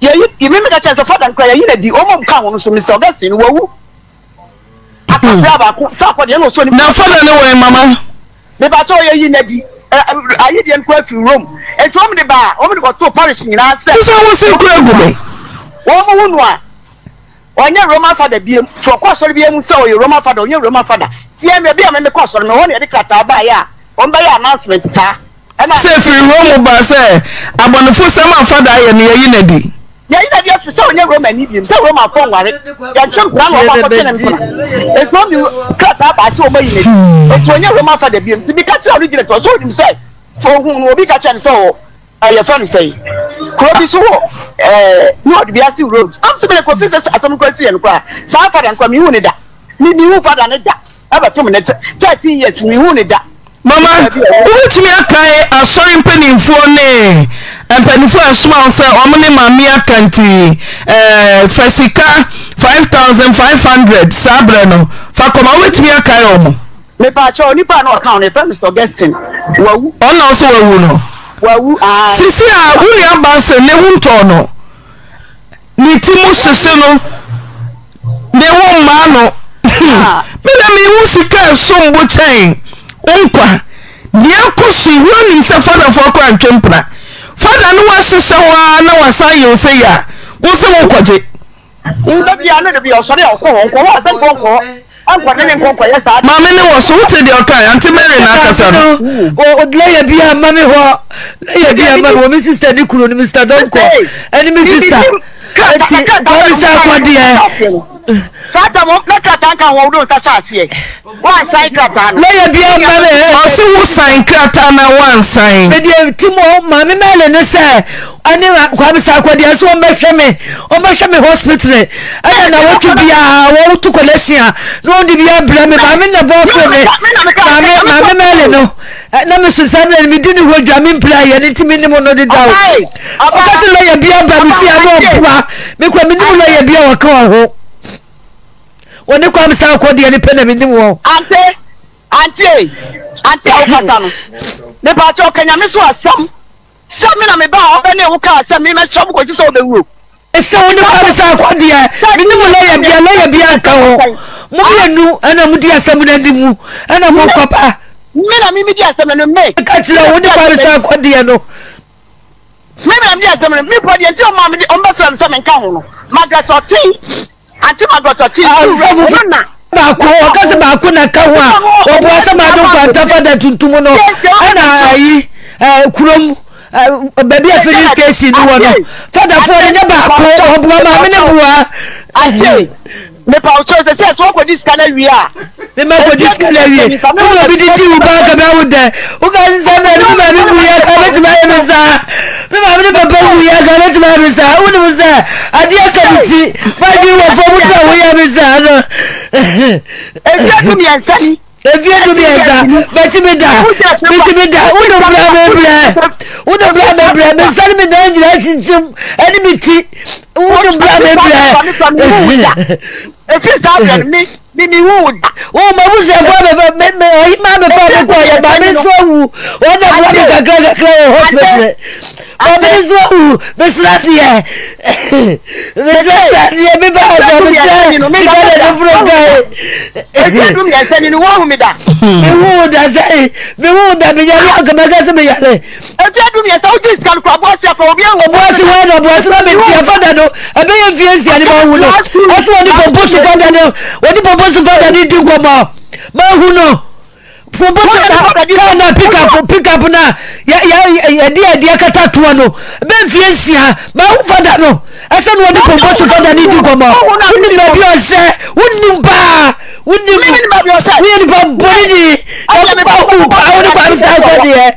yɛyi yimi mi ka kyɛn sɛ fada nkura yɛyi na di ɔmo nka wɔn so mr augustine wɔwu akabra baako saakɔ deɛ ɛna osuo ni. na fada ni wɔn mama. bibatɔ yɛyi na di ayi deɛ nkura fi rome etu ɔmo de ba ɔmo de kɔtɔ parish nyinaa sɛ. sisan wɔn se kura egu mi. wɔn mu wunu a ɔnyɛ roman fada biem tí ɔkɔ asɔre biem sɛ ɔyɛ roman fada ɔnyɛ roman fada tiɛ mi ebi a mi mi kɔ asɔre mi wɔn yɛ de krataa baa yɛ a wɔn bɛyɛ announcement taa. sɛ firi rome ba sɛ abɔnifo sɛm afada ayɛ ni yɛyi na di yẹn yín dàbí ẹsẹ sẹ wọn yẹ roma ni bìí sẹ roma fọ nware yẹn nkura na ọba akọkye ne nkura ètò krataa baasi wọn yìí n'ekyi ètò onye roma fa dàbí ẹmu tìbí kàkye ọdún gyina tó ọsọ òdìm sẹ fọhùn obi kàkye ne sẹ wọ ẹyẹ fẹ ne sẹ yìí kuro bi so wọ ẹẹ ní bi ase road am sẹ kofi sẹ asẹmu kura si yẹn nkura saa fada nkura mi hu da mi fada ne da ẹbẹ fún mi ne thirteen years mi hu da. mama wúwo tún yà ká ẹ asọ́rin mpẹ́nìfọ́ náà mpanyinfoɔ a ɛsoma wɔn sɛ wɔn ne maame akanti ɛɛ eh, fɛ sika five thousand five hundred saa abirɛ no fa kɔma wɔbɛtumi akae wɔn. mipakyɛ onipa na ɔka ɔno ɛfɛ mr augustine wawu. ɔna ɔso wawu no. wawu aa. sisi a wuli abasa ne ho ntɔɔ no ne ti mu sisi no ne ho mmaa no mmiri mi iwu sika esom bo kyɛn nkwa deɛ akɔ so iwu anim sɛ fadafo akɔ antwe mpena fada no wa hɔ a na wasan yɛ ose yɛ a wo sɛ wonkɔgye maame ne wɔ so wote deɛ ɔka ante mary na akasa no lɛyɛ bia ma me hɔ lɛyɛ bia ma me wɔ me sister ne kuro no mr dɔnkɔ ɛne me sister nti wɔme sɛ akɔdeɛ oskamama eh, o sɛ ɛɛ me hospita na omesoa meneame n mnem o one kɔa mesa kɔ deɛ no pɛ na menim wɛoe mesakde menyabiakaho moanu na modi asɛm no nimu na moaaaɛ wone kmesako de no àti màgbọ̀tọ̀ tí ìlú rẹ̀ ah, wọ́n nà. baako ɔkasa baako na ka ho a ɔboa sɛ maado nkwanta fada tuntum no ɛna ayi kurom baabi a felix kesi no wɔ no fadafoɔ no nyɛ baako ɔboa maame ne boa mepa wo kyerɛ sɛ sɛ sɛ wɔkɔdi sika no awie a mema kɔdi sika no awie wobɛ obi didi wo baa ka bɛawo dɛ woka sesɛ mmerɛ no bi maame buyɛ ka bɛtumi ayɛ me saa bíbá mi ní bàbá wù yá gan létí máa mi sá àwọn onímọ̀ sá adíyẹ kàmi ti báyìí mi wọ̀ fọ́ọ̀mù tó àwọn yá mi sá nù. èfi ẹdun mi ẹsẹ ni. èfi ẹdun mi ẹsẹ bẹtí mi dà bẹtí mi dà wúni fúra mi brẹ wúni fúra mi brẹ mi sani mi náà nyina kyinkyin ẹni mi ti wúni fúra mi brẹ. èfi sáà bẹ̀rẹ̀ mi mimi Wu o ma bu se fo be me me o ma be fo be ko ya ba me so wu o da wa be kakra kakra o hospital ba me so wu be slat ye me se slat ye me ba ba me se me ba da different guy e ka dum ya se ni wo hu mi da me wood da se me wood da be ya lo ka me ka se me ya le e ti dum ya se o ji scan ko bo se fo obi en wo bo se wa da bo se na be ti fa da no e be ye fi en si ani ba wu no asu wo ni bo bo se fa da no wo ni bo bo asefo dade di nkɔmɔ mahu know. fobo kana pickup pickup na yɛde adeɛ kata toɔ no bɛmfie nsia baawo fada no ɛsɛ ne wɔde pompo so fada ne di nkɔmmɔ wonim baabi ɔhyɛ wonim paa woyɛ nipa bɔne ni ɛbawo paa wone kwame saa kɔdeɛ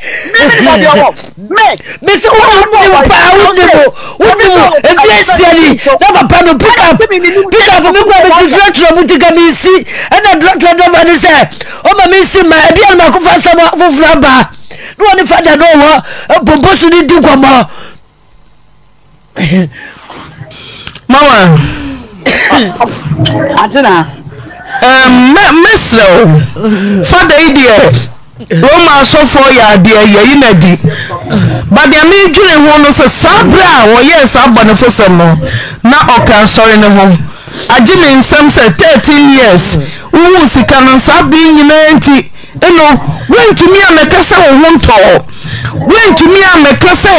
mesɛ wonim paa wonim wonim ɛfie nsia ni na papa no pickup pickup mekora mɛtitwerɛtwerɛ mu tika mensi ɛna drɔtrɔ dɔfa ne sɛ ɔma mensi ma ebi anamako fa asɛm foforɔ aba ne wɔne fa da ne ɔwɔ pompo so ne di nkɔmmɔ mama atena mɛserɛ wo fa da yi deɛ roma asɔfoɔ yɛ adeɛ yɛyi na di badeɛ medwene ho no sɛ saa berɛ a wɔyɛɛ saa bɔnefosɛm no na ɔka asɔre ne ho agye me nsɛm sɛ 13 years wowu sika no saa bere nyinaa nti ɛnno wontumi amɛka sɛ wo ho ntɔɔ wontumi amɛka sɛ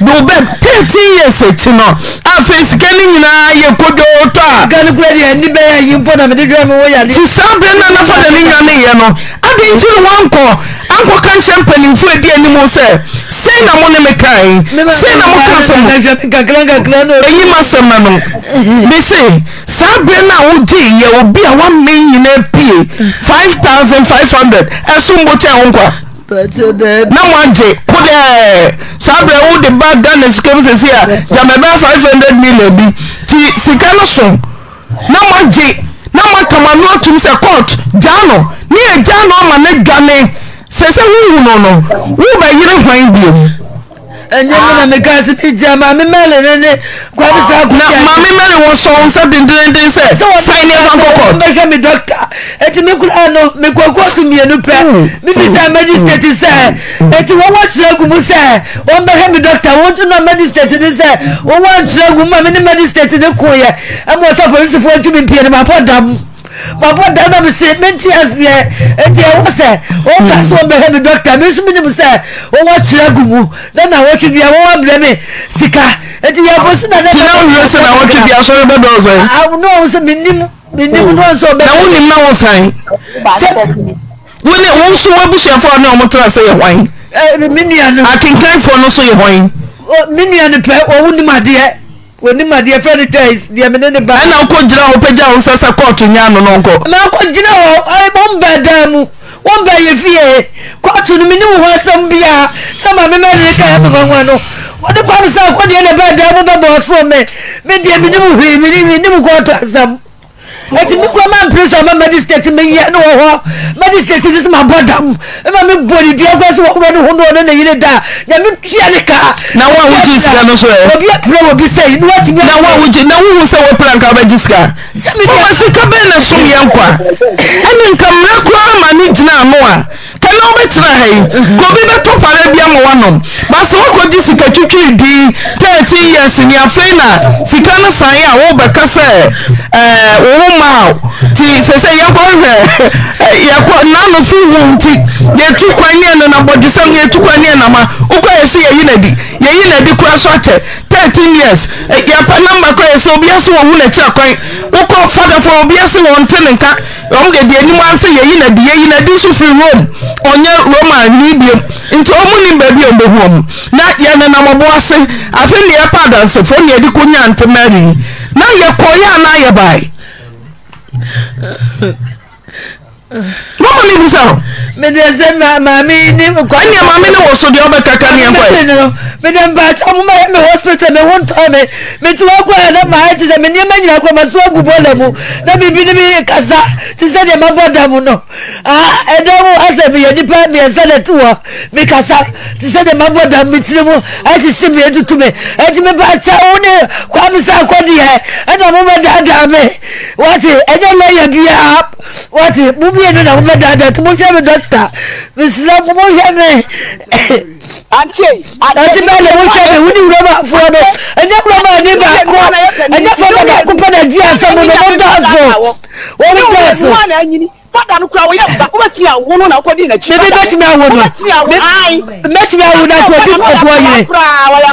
dòbɛ tẹ́tí yẹ sèkyi nọ afei sika ni nyinaa yẹ kodoo tọ a. gani kura di ẹni bẹ́ẹ̀ yẹ yín bọ́ na mi di dúró mi wọ́n yàrá. ti sáà bẹ́ẹ̀ náà nafa dẹ̀ ni nyọ́ ni yẹ no adi nti ni wọ́n kọ́ ankọ́ kankyẹ́ mpanyinfo edi ẹni mu sɛn na mo ne me kan sɛn na mo kan sɛ mo ɛyi ma sɛ ma no me se saa bere na wo gye yɛ obi a wa me nyinaa pie five thousand five hundred ɛso mbo kyɛn ho nkwa na mo agye ko dɛ saa bere wo de ba ghana sika mu sese a gyamɛbɛ five hundred million bi ti sika no so na mo agye na mo akamanu atum sɛ court gyaa no ne yɛ ama ne gya sese huhu no no wobɛyere hwan biom ɛnyɛ mi na mi ka ase ti gya maame mɛlɛ ne ne kwabi sa kun yɛ. maame mɛlɛ wɔ sɔn nsa dendenden sɛ sign in bank record. sɛ wɔn bɛhwɛ mi dɔkita eti mi kura no mi kɔ kóòtù mmienu pɛ mi bi sɛ magistrate sɛ eti wɔn wɔ kyerɛ gu mu sɛ wɔn bɛhwɛ mi dɔkita wɔn tún na magistrate ni sɛ wɔn wɔ kyerɛ gu mu maame ni magistrate ni kun yɛ ɛmu sɛ polisifoɔ ntumi mpie ni ma dam papa da na mi se mi ti aseɛ eti ɛwɔ sɛ wɔn ka so bɛhɛ mi dɔkita mi nso mi nim sɛ wɔwɔ kyerɛ gu mu na na wɔtwi bia wɔwɔ abirɛ mi sika eti yɛ si na ne. tina wuli sɛ na wɔtwi bia sɔrɔ bɛ dɔw sɛ. awo n'o sɛ mi nim mi nim n'o sɛ o bɛ. na wo na wo san. sɛ wọn ni wọn nso wọn ebusuafo a na wọn tẹ ase yɛ hwan. ɛ mi nua no. akenkanfoɔ no so yɛ hwan. mi nua no pɛ ɔwɔ nim adeɛ onim a deɛ fɛ no twice deɛ mene ne ba ɛna wokɔ gyina hɔ pɛgya wo sɛ sɛ kɔɔto nya no nonkɔ na wokɔ gyina hɔ wɔmba daa mu wɔmba yɛ fie kɔɔto no mene wo ho asɛm biaa sɛ ma me mɛne ka ɛme wanwa no wɔde kɔ me sɛ akɔdeɛ ne bɛdaa mu bɛbɔ so me me deɛ menim hwee menim kɔɔto asɛm ɛti mi kura ma n pere sɔn ma magistrate mi yɛ ne wɔ hɔ magistrate ti sɛ ma bɔ dam ɛma mi bɔ ne dua kura sɛ wɔkura ne ho ne wɔne ne yiri da nyame tia ne ka. na wa awo ji sika no so yɛ. obi apere wo bi sɛ yi ni wa ti bi. na wa awo ji na wuhu sɛ wopere anka bɛ ji sika. sɛmi ni a. wɔn sika bɛyɛ na som yɛn kwa ɛni nkamira kura ama ne gyina ano a pɛlɛ wobɛtena ha yi kobi bɛtɔ pare bia ma wanom baasa wokɔgye sika twitwiri di thirty years ni afei na sika no sae a wobɛka sɛ wo ho ma a nti sɛ sɛ yɛkɔhwɛ yɛkɔ nano fi wo nti yɛtu kwan ne ɛno na bɔdwesɛm yɛtu kwan ne ɛnama wokɔ yɛ so yɛyi na di yɛyi na di koraa so akyɛ 13 years eh, yɛpɛ namba kɔ yɛ sɛ obia so wɔwu n'akyi akwan wokɔ fadafo obia sɛ wɔnte ne nka ɔm de na di yi na di nso firi rome ɔnyɛ roma ni nti ɔmu nim baabi a ɔmbɛhu na nenam ɔbo ase afei yɛde na yɛkɔyɛ anaa yɛbae mama ne bisa mede sɛ maame ne kwanea maame ne wɔ so deɛ wobɛkaka neɛnkɔ mede mpatwɔ moma yɛ me hospital me ho ntɔ me mete wakɔɛ na maayɛ te sɛ me nneɛma nyina kɔ maso agu bɔla mu na biribi ne me kasa te sɛ deɛ mabɔ da mu no ah, ɛdɛ mu asɛ meyɛ nnipa miɛnsa na te wɔ mekasa te sɛ deɛ mabɔ da mu metiri mu ahyehye me atutu me ɛnti mepakyɛ wo ne kwame sɛ akɔdeɛ ɛna mobɛdaadaa me wate ɛnyɛ lɔya biaa wate mo mmienu na mobɛdaadaa nti mohwɛ me dɔt ta mesrɛ mo mohwɛ me ante bɛne wohwɛ me wone wuramafoɔ no ɛnyɛ wuramaani baako ɛnyɛ fada baako pɛ na di asɛm no wodɔɔso wɔmodɔɔso fada no kura wo yɛ ba wobɛtumi awo no na wokɔdi n'akyi fada bɛtumi awo no bɛtumi awo na kɔdi nkɔfoɔ yere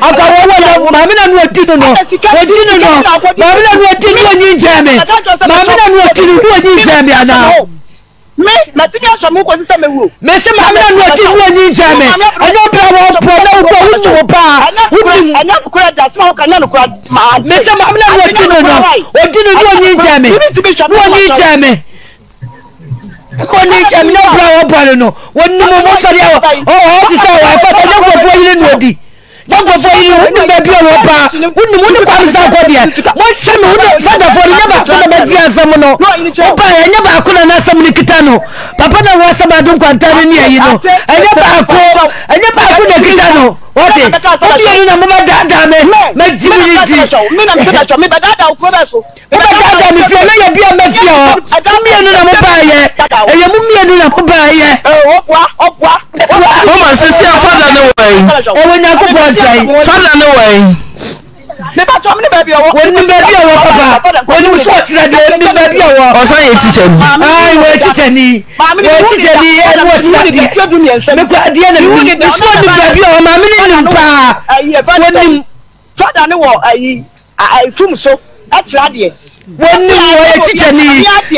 ɔka wɔwɔ no maame na no ɔti no no ɔti no no maame na no ɔti no ɔnyi nkyɛn me maame na no ɔti no no ɔnyi nkyɛn me anaa mi mẹtìmí asọmú kò sísẹ mi wò. mẹsì maame náà nù ọtí wúwo ní ìjà mi ẹnyẹ bẹrẹ wọn pọ náà wúwo wúni wò pa wúni. ẹnyẹ kura jà sí wọn kàn yẹn kura máa jẹ. mẹsì maame náà nù ọtí nù nù ọtí nù nù ọní ìjà mi wúwo ní ìjà mi kò ní ìjà mi náà bẹrẹ wọn pọ nù nù wọn nù mọ mọ sọrí ẹ wọ ọ ọ ti sẹ ọ ẹ fẹ kẹ ẹnyẹ kura fún ẹyin nù ọdí jankofo yi ni wunu bɛ biɛ wɔ paa wunu wunu kwam sa kɔ deɛ wɔhyɛ mi wunu fadafo ni nyɛ baako na bɛ di asɛm no ɔba yɛ nyɛ baako na n'asɛm ni kita no papa na wɔn asɛm adu nkwanta ne ni ayi no ɛnyɛ baako ɛnyɛ baako na kita no wɔte obi yɛn na mo bɛ daadaa mi mɛ ji mi ni ti mo bɛ daadaa mi fia ne yɛ bia mɛ fia hɔ mo mienu na mo baa yɛ ɛyɛ mo mienu na mo baa yɛ. ɔmɔ sisi afɔda ne wɔ yi. ɛwɔ nyakubɔ nkyɛn fada ne wɔ yi. wɔnim baabi a wɔ papa wɔnim so ɔkyerɛ deɛ wɔnim baabi a wɔ. ɔsan yɛ tikya ni. ayi wɔ tikya ni wɔ tikya ni ɛni wɔ tikya ni mekɔ adeɛ na mi mi so wɔnim baabi a wɔ maame ne nim paa wɔnim. fada ne wɔ ayi fum so ɛkyerɛ adeɛ woni wɔ yɛ tikya ni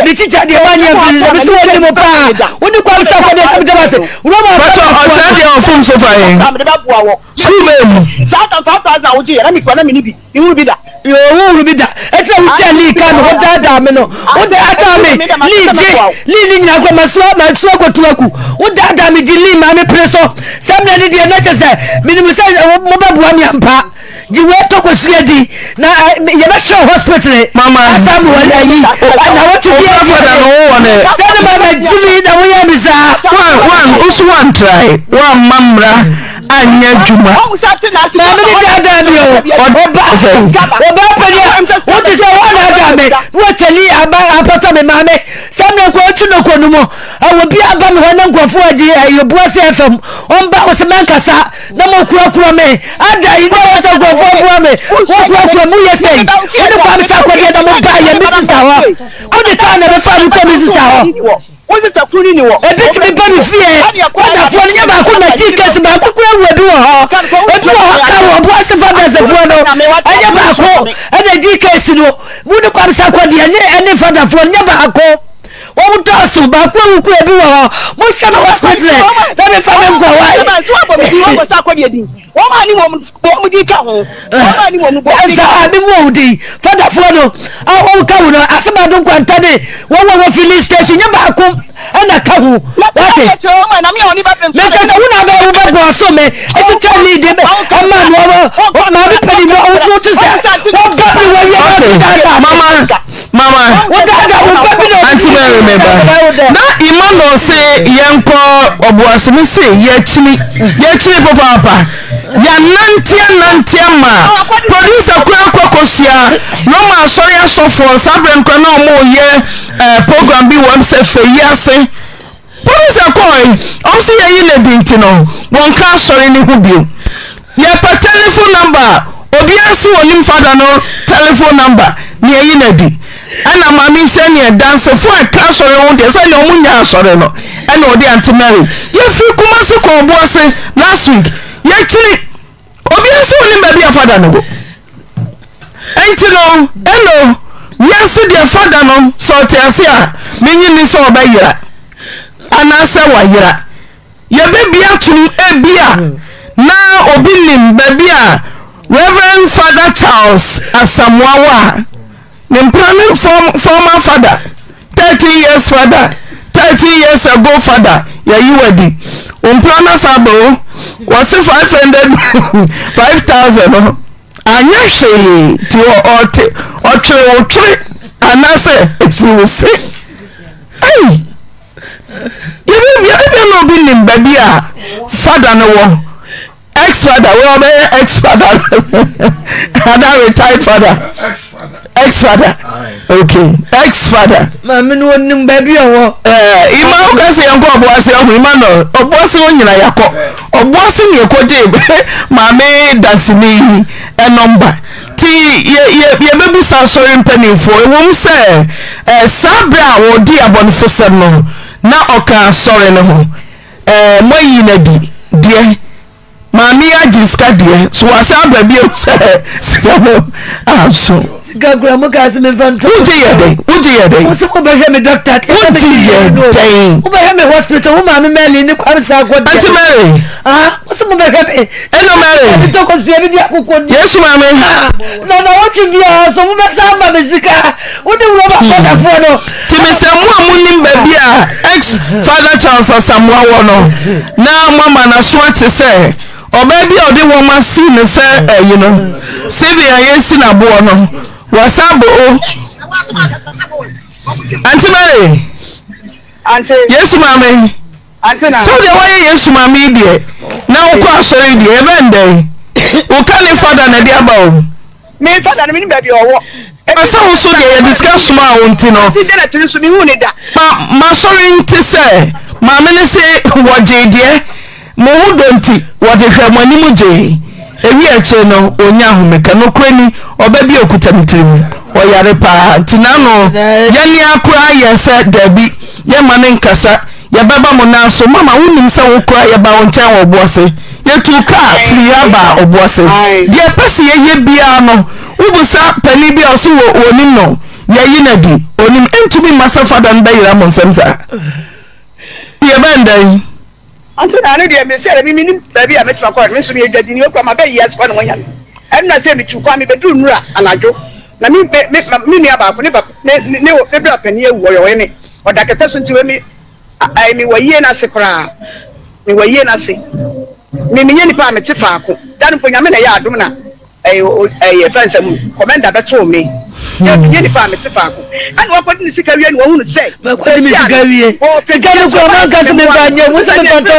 ni tikya deɛ wa nyɛ firi sɛ bisi woni mu paa woni kɔ bisa kɔ deɛ kabijɛ ma se rɔba ɔfɔ ɔfɔ ɔkyerɛ deɛ ɔfom so fa yɛ sukuu bɛ mu. saa tan five thousand awo jiri yɛrɛ mi kura ne mi ni bi iwuru bi da. yòówù wuru bi da eti na wutya lii kan o da da mi no o da da mi lii je lii ni nyina kɔ ma suwa ma suwa ko tuwa ku o da da mi di lii maa mi pere so sɛmina ni deɛ n'akyɛ sɛ minimu sɛ mo bɛ buwa mi yan pa jiwe tɔkɔ fie di na eh, yɛbɛhyɛ hospital e. mama asamu wɔn ayi na oh, wotu oh, bi oh, ayi ɔfɔ dana wo ne sani ma na jimi na wo yɛ bi saa. wan wan osu wan try wan mamra anya juma. maame ni di ada mi o ɔba ɔba pɛni a wotu sɛ wɔn na ada mi wotali aba apɔtɔ mi maame sani na nkɔ otu na nkɔ numu awo bi aba mi hɔ eh, ne nkɔfo ayi ayi obuasi fm ɔnba ɔsɛ mɛ nkasa na mo kurakura mi ada yi ne wɔsɛ nkɔfo fo eh, bua me wo bua kura mu yɛ sɛ wo ne kwame sa akɔdeɛ na mo ba yɛ me sista hɔ wo de taa na ɛbɛfa mu kɔ me sista hɔ wo sista kuru ni ni wɔ. ebi tumi bɛ mi fie fadafoɔ ni nyɛ baako na kyi kɛse baako kura ewu ebi wɔ hɔ ebi wɔ hɔ ka wɔ bu ase fadafoɔ no ɛnyɛ baako ɛna kyi kɛse no mu ne kwame sa akɔdeɛ ɛne fadafoɔ nyɛ baako wɔn mu dɔɔso baako ewuku ebi wɔ hɔ mo hwɛ na hospital na mi fa mi nkɔ wa. ɛsɛ wɔn abɔ mi di wɔn bɔ sa akɔ deɛ di wɔn maa ni wɔn mu di ka ho wɔn maa ni wɔn mu bɔ wɔn di ka ho. ɛsɛ a mi mu wɔn di fadafoɔ no a wɔn ka wo no asebado nkwanta de wɔn wɔ wɔ fili station nye baako ɛna ka ho wate mɛka sɛ wo na bɛ wo bɛ bɔ so mɛ ɛtwitwa ni de mɛ ɛma no ɔmɔ maame pɛni mu ɔwɔ so to sɛ wɔn ba bi wɔn yɛ wɔn dada mama mama wɔn dada wɔn ba bi na wɔn ti mɛ. na imano se yɛnkɔ ɔboasene se yɛakyini yɛakyini popapa nante nante ma produsa kora kɔkɔsua ma asɔre asɔfoɔ saa na ɔmaɔyɛ e, program bi wọn sɛ fɛyi ase produsa kɔe ɔm sɛ yɛyi ne di nti no wɔnka asɔre ne ho bio yɛpɛ telephone number obiara se wɔnim fada no telephone number ne ɛyi na ɛna maame sɛnea dansefo a ɛka asɔre ho deɛ sɛnea ɔmo nya asɔre no ɛna ɔde ante mary yɛfiri kuma se kɔ ɔbo last week yɛkyiri obi nso ne baabi a fada no go ɛnti no ɛno wiase deɛ fada no sɛ ɔte ase a menyi ne sɛ ɔbɛyera anaasɛ wayera yɛbɛbia tom ebi a na obi nim baabi a reverend father charles asamoawa a ne mpranin form, former father thirty years father thirty years ago father yẹyi wẹdi mpranin sábà wọ́n sí five hundred five thousand ọ anyá hwèé tí ọtí ọtwere ọtwere anásẹ esiwusi ẹyì yẹbi bia ebi na obi nim baabi a fada no wọ ex fada wọ́n bẹ́ẹ̀ ex fada ada retired fada. exfather ok exfather eh, ima woka sɛ yɛnkɔ ɔboase ahu ima nɔ ɔboase wo nyina yɛkɔ ɔboase ne yɛkɔgye maame dasene yi ɛnɔmba nti yɛbɛbu sa asɔre mpanimfoɔ ɛwom sɛ saa berɛ a wɔde abɔnefo sɛm na ɔka asɔre no ho eh, moayi na bi deɛ maame agye sika deɛ so wɔasɛ aba bio sɛ sika no aso ah, gagura mu gaasi mi nfa ntɔ. wúti yɛ dɛ wúti yɛ dɛ. wosi mo bɛ hwɛ mi dɔkita. wúti yɛ dɛ. mo bɛ hwɛ mi hospital mo maame mɛli ni kwami sa ko diɛ. anti ah, mɛri. aa ah, wosi mo bɛ hwɛ mi. ɛnu mɛri. ɛdi tɔ ko suya mi di akoko ni. yesu maame. Ah, nana wotu biya so mo bɛ sá ma mi sika o de wúlò bá kọ́ fún ọ. tìmísẹ́mu a mu ní bẹ̀bí a ex father charles asamoah wọ̀ nọ náà mo ma na sún ẹ ti sẹ́ẹ̀ ọbaa bi a ọde wọn ma si ne sẹ eh, ẹyi no sebi a yẹsi n'aboọ no wasambo o anti mary yesu maame sọdọ wọnyi yesu maame yi deɛ na wokɔ asɔre deɛ ebe ndɛ woka ne fada na ɛde aba o. mi fada na mi ni baabi ɔwɔ. ɛsɛ woso deɛ yɛ discussion a wɔn ti no. ti dɛnɛ tiri so mi hu ne da. ma ma sɔre nti sɛ maame ne se wɔgye deɛ mo ho dɔnti wɔde hwɛ mo anim gyee. ewi akyire no onye ahụ meka n'okura ni ọba bi okuta ne tirim ɔyare paa nti n'ano yɛne akora yɛ sɛ daabi yɛma ne nkasa yɛbɛba mo nan so mama wonim sɛ wokora yɛba wo nkyɛn wɔ ɔboase yɛtu kaa firi aba ɔboase deɛ pɛ sɛ yɛyɛ biara no wobusa panin bi a ɔso wɔ wɔnim no yɛyi na onim e ntumi mma fada no bɛyera mo nsɛm saa yɛbɛn dan ɔnti na ano deɛ mesi ɛrɛbi mi ni baabi a mɛtuma kɔrɔ mi nso mi yɛ dwadini okura ma bɛyi ase kɔ ne wɔnyam ɛnu na se mi tu kwan mi bɛ du nura anadwo na mi mi mi nua baako ne ba ne ne ne ne bira panyin ewu ɔyɔ wɔyɛ mi ɔda kɛtɛ so nti wɔ mi ɛɛ mi wɔ yie n'ase koraa mi wɔ yie n'ase mi mi nye nipa a mi ti faako dani mpo nyame na ɛyɛ adum na ɛɛ ɛɛ fɛn sɛ mu kɔmɛnda bɛtoo mi yɛ nipa mi ti faako ɛna wɔn kɔdi ni sika wie ni wɔn hu ni sɛ. kɔdi mi sika wie sika mi kura maa nka simi ba nye musu mi ba tɔ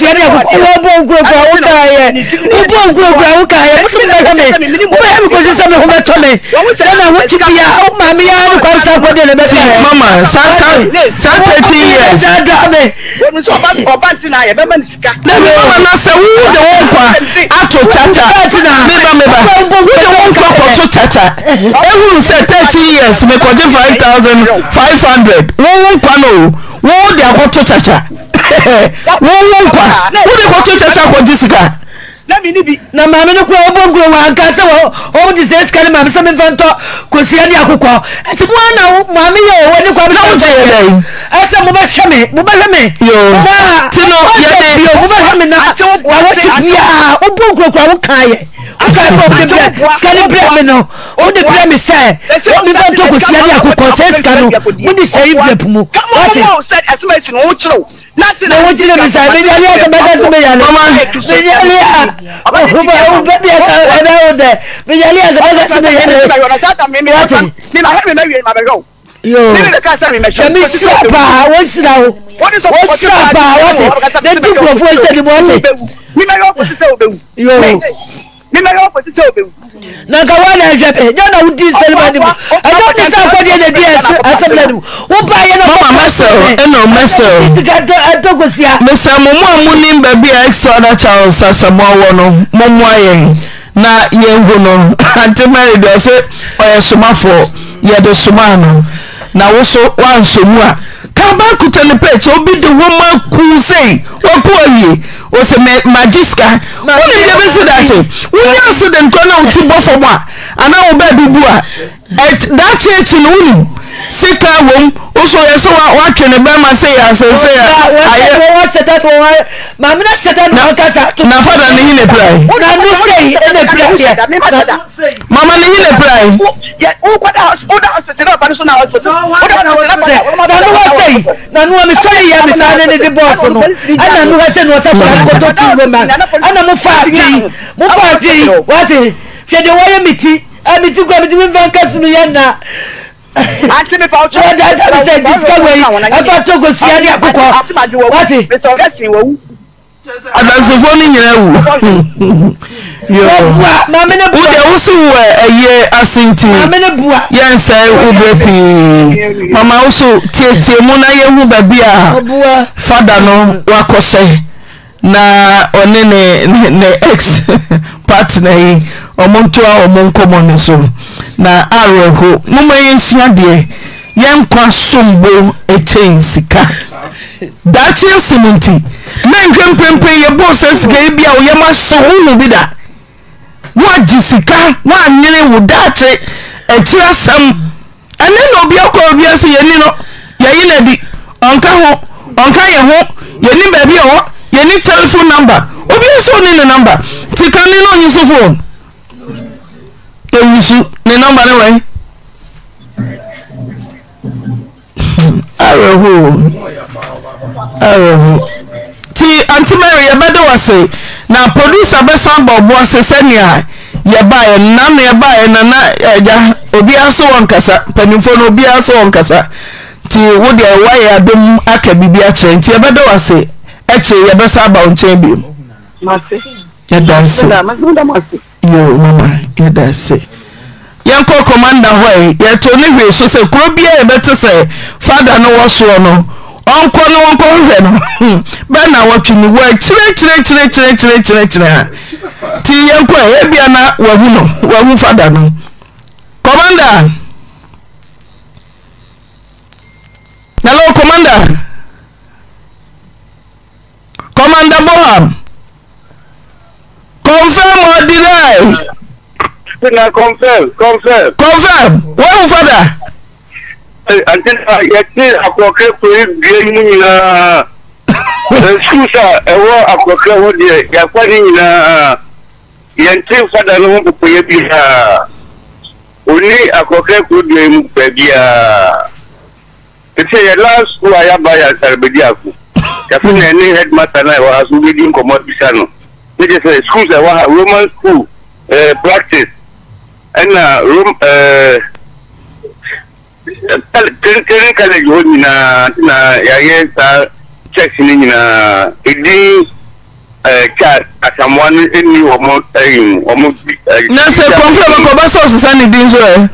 fiyɛ ni akoko wɔn bɔ nkurokura o o bɔ o ka yɛ musu mi ba tɔ o bɛ yɛ mi ko sisan mi o bɛ tɔ mi ɛna o ti o maa mi ya ni kɔri sa kɔdi yɛlɛ bɛ fi yɛ. mama san o da mi. ɔba ti na yɛ bɛ ma ni sika. ehuru sẹ thirty years mi kọjú five thousand five hundred wọ́n wọ́n nkwa náà o wọ́n wọ́n di akọ́tọ̀ chacha wọ́n wọ́n nkwa wọ́n di akọ́tọ̀ chacha kọjú sika. na maame no kura ɔbɔ nkuro wɔn anka sɛ wɔn de sɛ sika ne maame sɛ mefa ntɔ kosua ne akokɔ ɛti mu ana maame yɛ ɔwɔ ne kwame sɛ ɔgyɛ me mo me na ti no yɛ de me na wɔn ti bia ɔbɔ nkuro kura o wode brɛ sika ne brɛ me no wode brɛ me sɛ mefa ntɔ kɔsia ne akokɔ sɛ sika no mode hyɛ envelope mu wate na wokyerɛ me sa menyane a sɛmɛka sɛ meyane menyane a wobɛdeɛ ɛnɛ wo dɛ menyane a sɛmɛka sɛ meyane wate yɛmehyira paa wɔhyira wo wɔhyira paa wate ne nti nkurɔfoɔ sɛ ne mu ate yo nínú yóò fò sísè òbẹ̀wò. nanka wọn na ẹhwẹ pẹ yẹn na wò di sẹlẹmà ni mu ẹjọ ti sẹ akọni ẹdẹ di ẹsẹmìlẹ ni mu wò bá yẹn na wọn kọ sẹlẹ ẹnna mẹsẹ o sika ẹtọ kò si a. mẹsẹ mo mu a mu ni bẹbi a extraordinary charles asamu awọ no mo mu a yẹn na yẹn hu no àti mary de ọsẹ ọyẹ sọmáfọ yẹ de sọmá no na wosọ wà nsọmu a kaba kuta ne plate obi de wɔma kun sei wɔkɔ awie wɔsɛ mɛ magye sika wɔn nyɛ bɛ si daakye wɔn nyɛ accident kora na wɔti bɔ fam a anaa wɔn bɛɛ bi bu a ɛ no wɔn sika wom woso yɛ sɛ woatwe ne bɛma sɛ yɛ asɛsɛ na na fada ne hene prae mama ne na prae nanoa mesɔre yɛ mesane ne de bɔɔso no ana noha sɛ ne ɔsɛ kora nkɔtɔ tiwoma ana na tei mofa tei wate hwɛ deɛ wɔyɛ me ti ameti kora metimi mfa nka so meyɛ nna àti mi pàwọ́ tó. ọ̀dà ẹ̀dá mi sẹ́ discover yìí ẹ̀fọ́ tó kò sí adé àkókò wáti. mr ọ̀gẹ́sì wò wú. àdànsòfò ni nyina wù. yọ̀ọ̀bùa maame ne bua. wúdiẹ̀ wúsù wọ ẹ̀yẹ asinti. maame ne bua. yẹn nsẹ wúbẹ pii mama wúsù tiẹtiẹ mu náà yẹ wú a fada no wakọ na ɔne ne ne ex partner yi ɔmo ntoa ɔmo nkɔmɔ ne so na awerɛho moma yɛ nsua deɛ yɛnkwa sombo ɛkyɛn sika daakye asim nti na nhwɛ mpempem yɛbɔɔ sɛ sika yi bi a woyɛm ahyɛ wohu bi da woagye sika woanyere wo daakye akyiri asɛm ɛne na obi akɔ obi ase yɛni no yɛyi na bi ɔnka ho ɔnka yɛ ho yɛni baabi ɛwɔ yɛni telephone number obi nso ni ne number ti kan ni na onyusu phone ewusu ne number ne wɛn awerɛho awerɛho ti aunty mary yɛbɛde eh, wa se na producer bɛsan bɔ ɔboa se sɛnea yɛbaeɛ nam na yɛbaeɛ nana agya obiara so wɔ nkasa mpanimfoɔ no obiara so wɔ nkasa nti wodeɛ woayɛ abɛm aka biribi akyerɛ nti yɛbɛde wɔ se eche yɛbɛsa aba wo nkyɛn bio yɛda ase yo mama yɛda ase yɛnkɔ kɔmanda hɔ eh, yi yɛto ne hwee so sɛ kuro bia yɛbɛte sɛ fada no wɔ soɔ no ɔnkɔ no wɔnkɔ hwehwɛ no bɛɛ na wɔtwe ne wɔ kyerɛkyerɛkyerɛkyerɛkyerɛkyerɛ a nti yɛnkɔ a ebia na wahu no wahu fada no kɔmanda hello kɔmanda Commander Boam, confirm or deny? Tina, confirm, confirm. Confirm. Where you father? Àti àyẹ̀tí àkọ́kẹ́ pé bíi mú nyinaa. Ẹ̀sùsà ẹ̀wọ́ àkọ́kẹ́ wọ́n di ẹ̀ yàgbá ní nyinaa. Yẹ̀ntì fada ni wọ́n kò yẹ bi ha. Òní àkọ́kẹ́ kò di ẹ̀ mú pẹ̀ bi ha. Ètò yẹ last school ayaba yà sàrẹ̀bẹ̀dì àkọ́ yàtò hmm. na ɛne headmaster na ɛwɔ ha so wobɛdi nkɔmmɔ bisa no megye sɛ schools ɛwɔ ha roman school eh, practice ɛna rom eh, training college hɔ nyinaa na yɛayɛ saa checks no nyinaa ɛdin car asamoa no ɛni wɔn ɛyin wɔn. na sɛ kɔnfɛ bakɔba sɔɔsi sani di nso ɛ.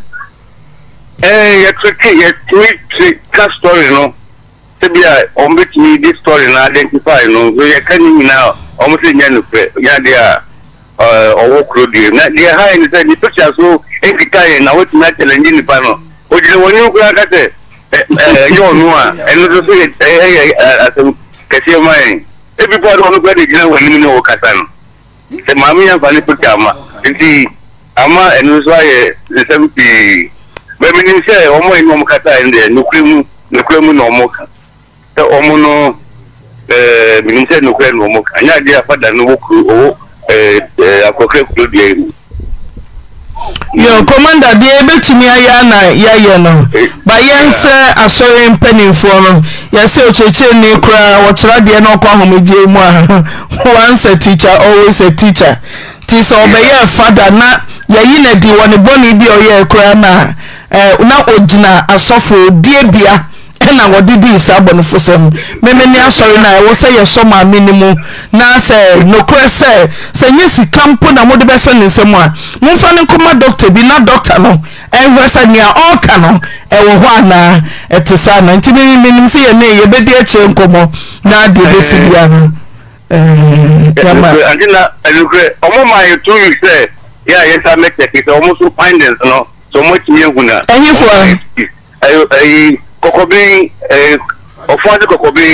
ɛɛ yɛ tiriki yɛ tiriki ka story no sɛbi a wɔn bɛtumi de story na identify no nso yɛka ne nyinaa wɔn sɛ nyɛ nokorɛ yade a ɔwɔ kuro die na deɛ ha yɛ no sɛ nipa hyɛ so ekita yɛ na wɔtumi akyɛlɛnye nipa no ogyina wɔn nyɛ nkura akasɛ ɛɛ yɛ ɔno a ɛno nso yɛ ɛyɛ asɛm kɛseɛ ma yɛn ebi bɔ a wɔn kura de gyina wɔn anim na wɔkasa no sɛ maame yɛ nfa ne pita ama nti ama ɛno nso ayɛ nsɛm pii bɛmi nim sɛ wɔn a yɛ e ne wɔn kasa yɛ e no deɛ nokura mu nokura mu na wɔn ka. Eh, sɛ ɔmo eh, eh, no minim sɛ nokorɛ anyɛ a fada no wɔ ɔwɔ ɛɛ dị kuro dua yi mu yɛ kɔmanda deɛ ayɛ ana yɛayɛ no ba asɔre mpanimfoɔ no yɛsɛ koraa deɛ na ɔkɔ ahomegye mu a once a teacher always a sɛ ɔbɛyɛ fada na yɛyi na di wɔ ne bɔne bi ɔyɛ na na die bia. ɛna wɔde di nsa abɔ ne fo sɛm meme ne asɔre na ɛwɔ sɛ yɛsɔ maame ne mu na sɛ nokorɛ sɛ sɛ nyɛ sika mpo na mode bɛhyɛ ne nsɛm a momfa ne nkɔma dɔkta bi na dɔkta no ɛnhwɛ sɛ nea ɔreka no ɛwɔ hɔ anaa ɛte saa na nti menim sɛ yɛne yɛbɛdi akyerɛ nkɔmmɔ na deɛ bɛsi bia no ɔmo ma yɛ two weeks sɛ a yɛsa kɔkɔbi ɛɛ eh, ɔfɔdze kɔkɔbi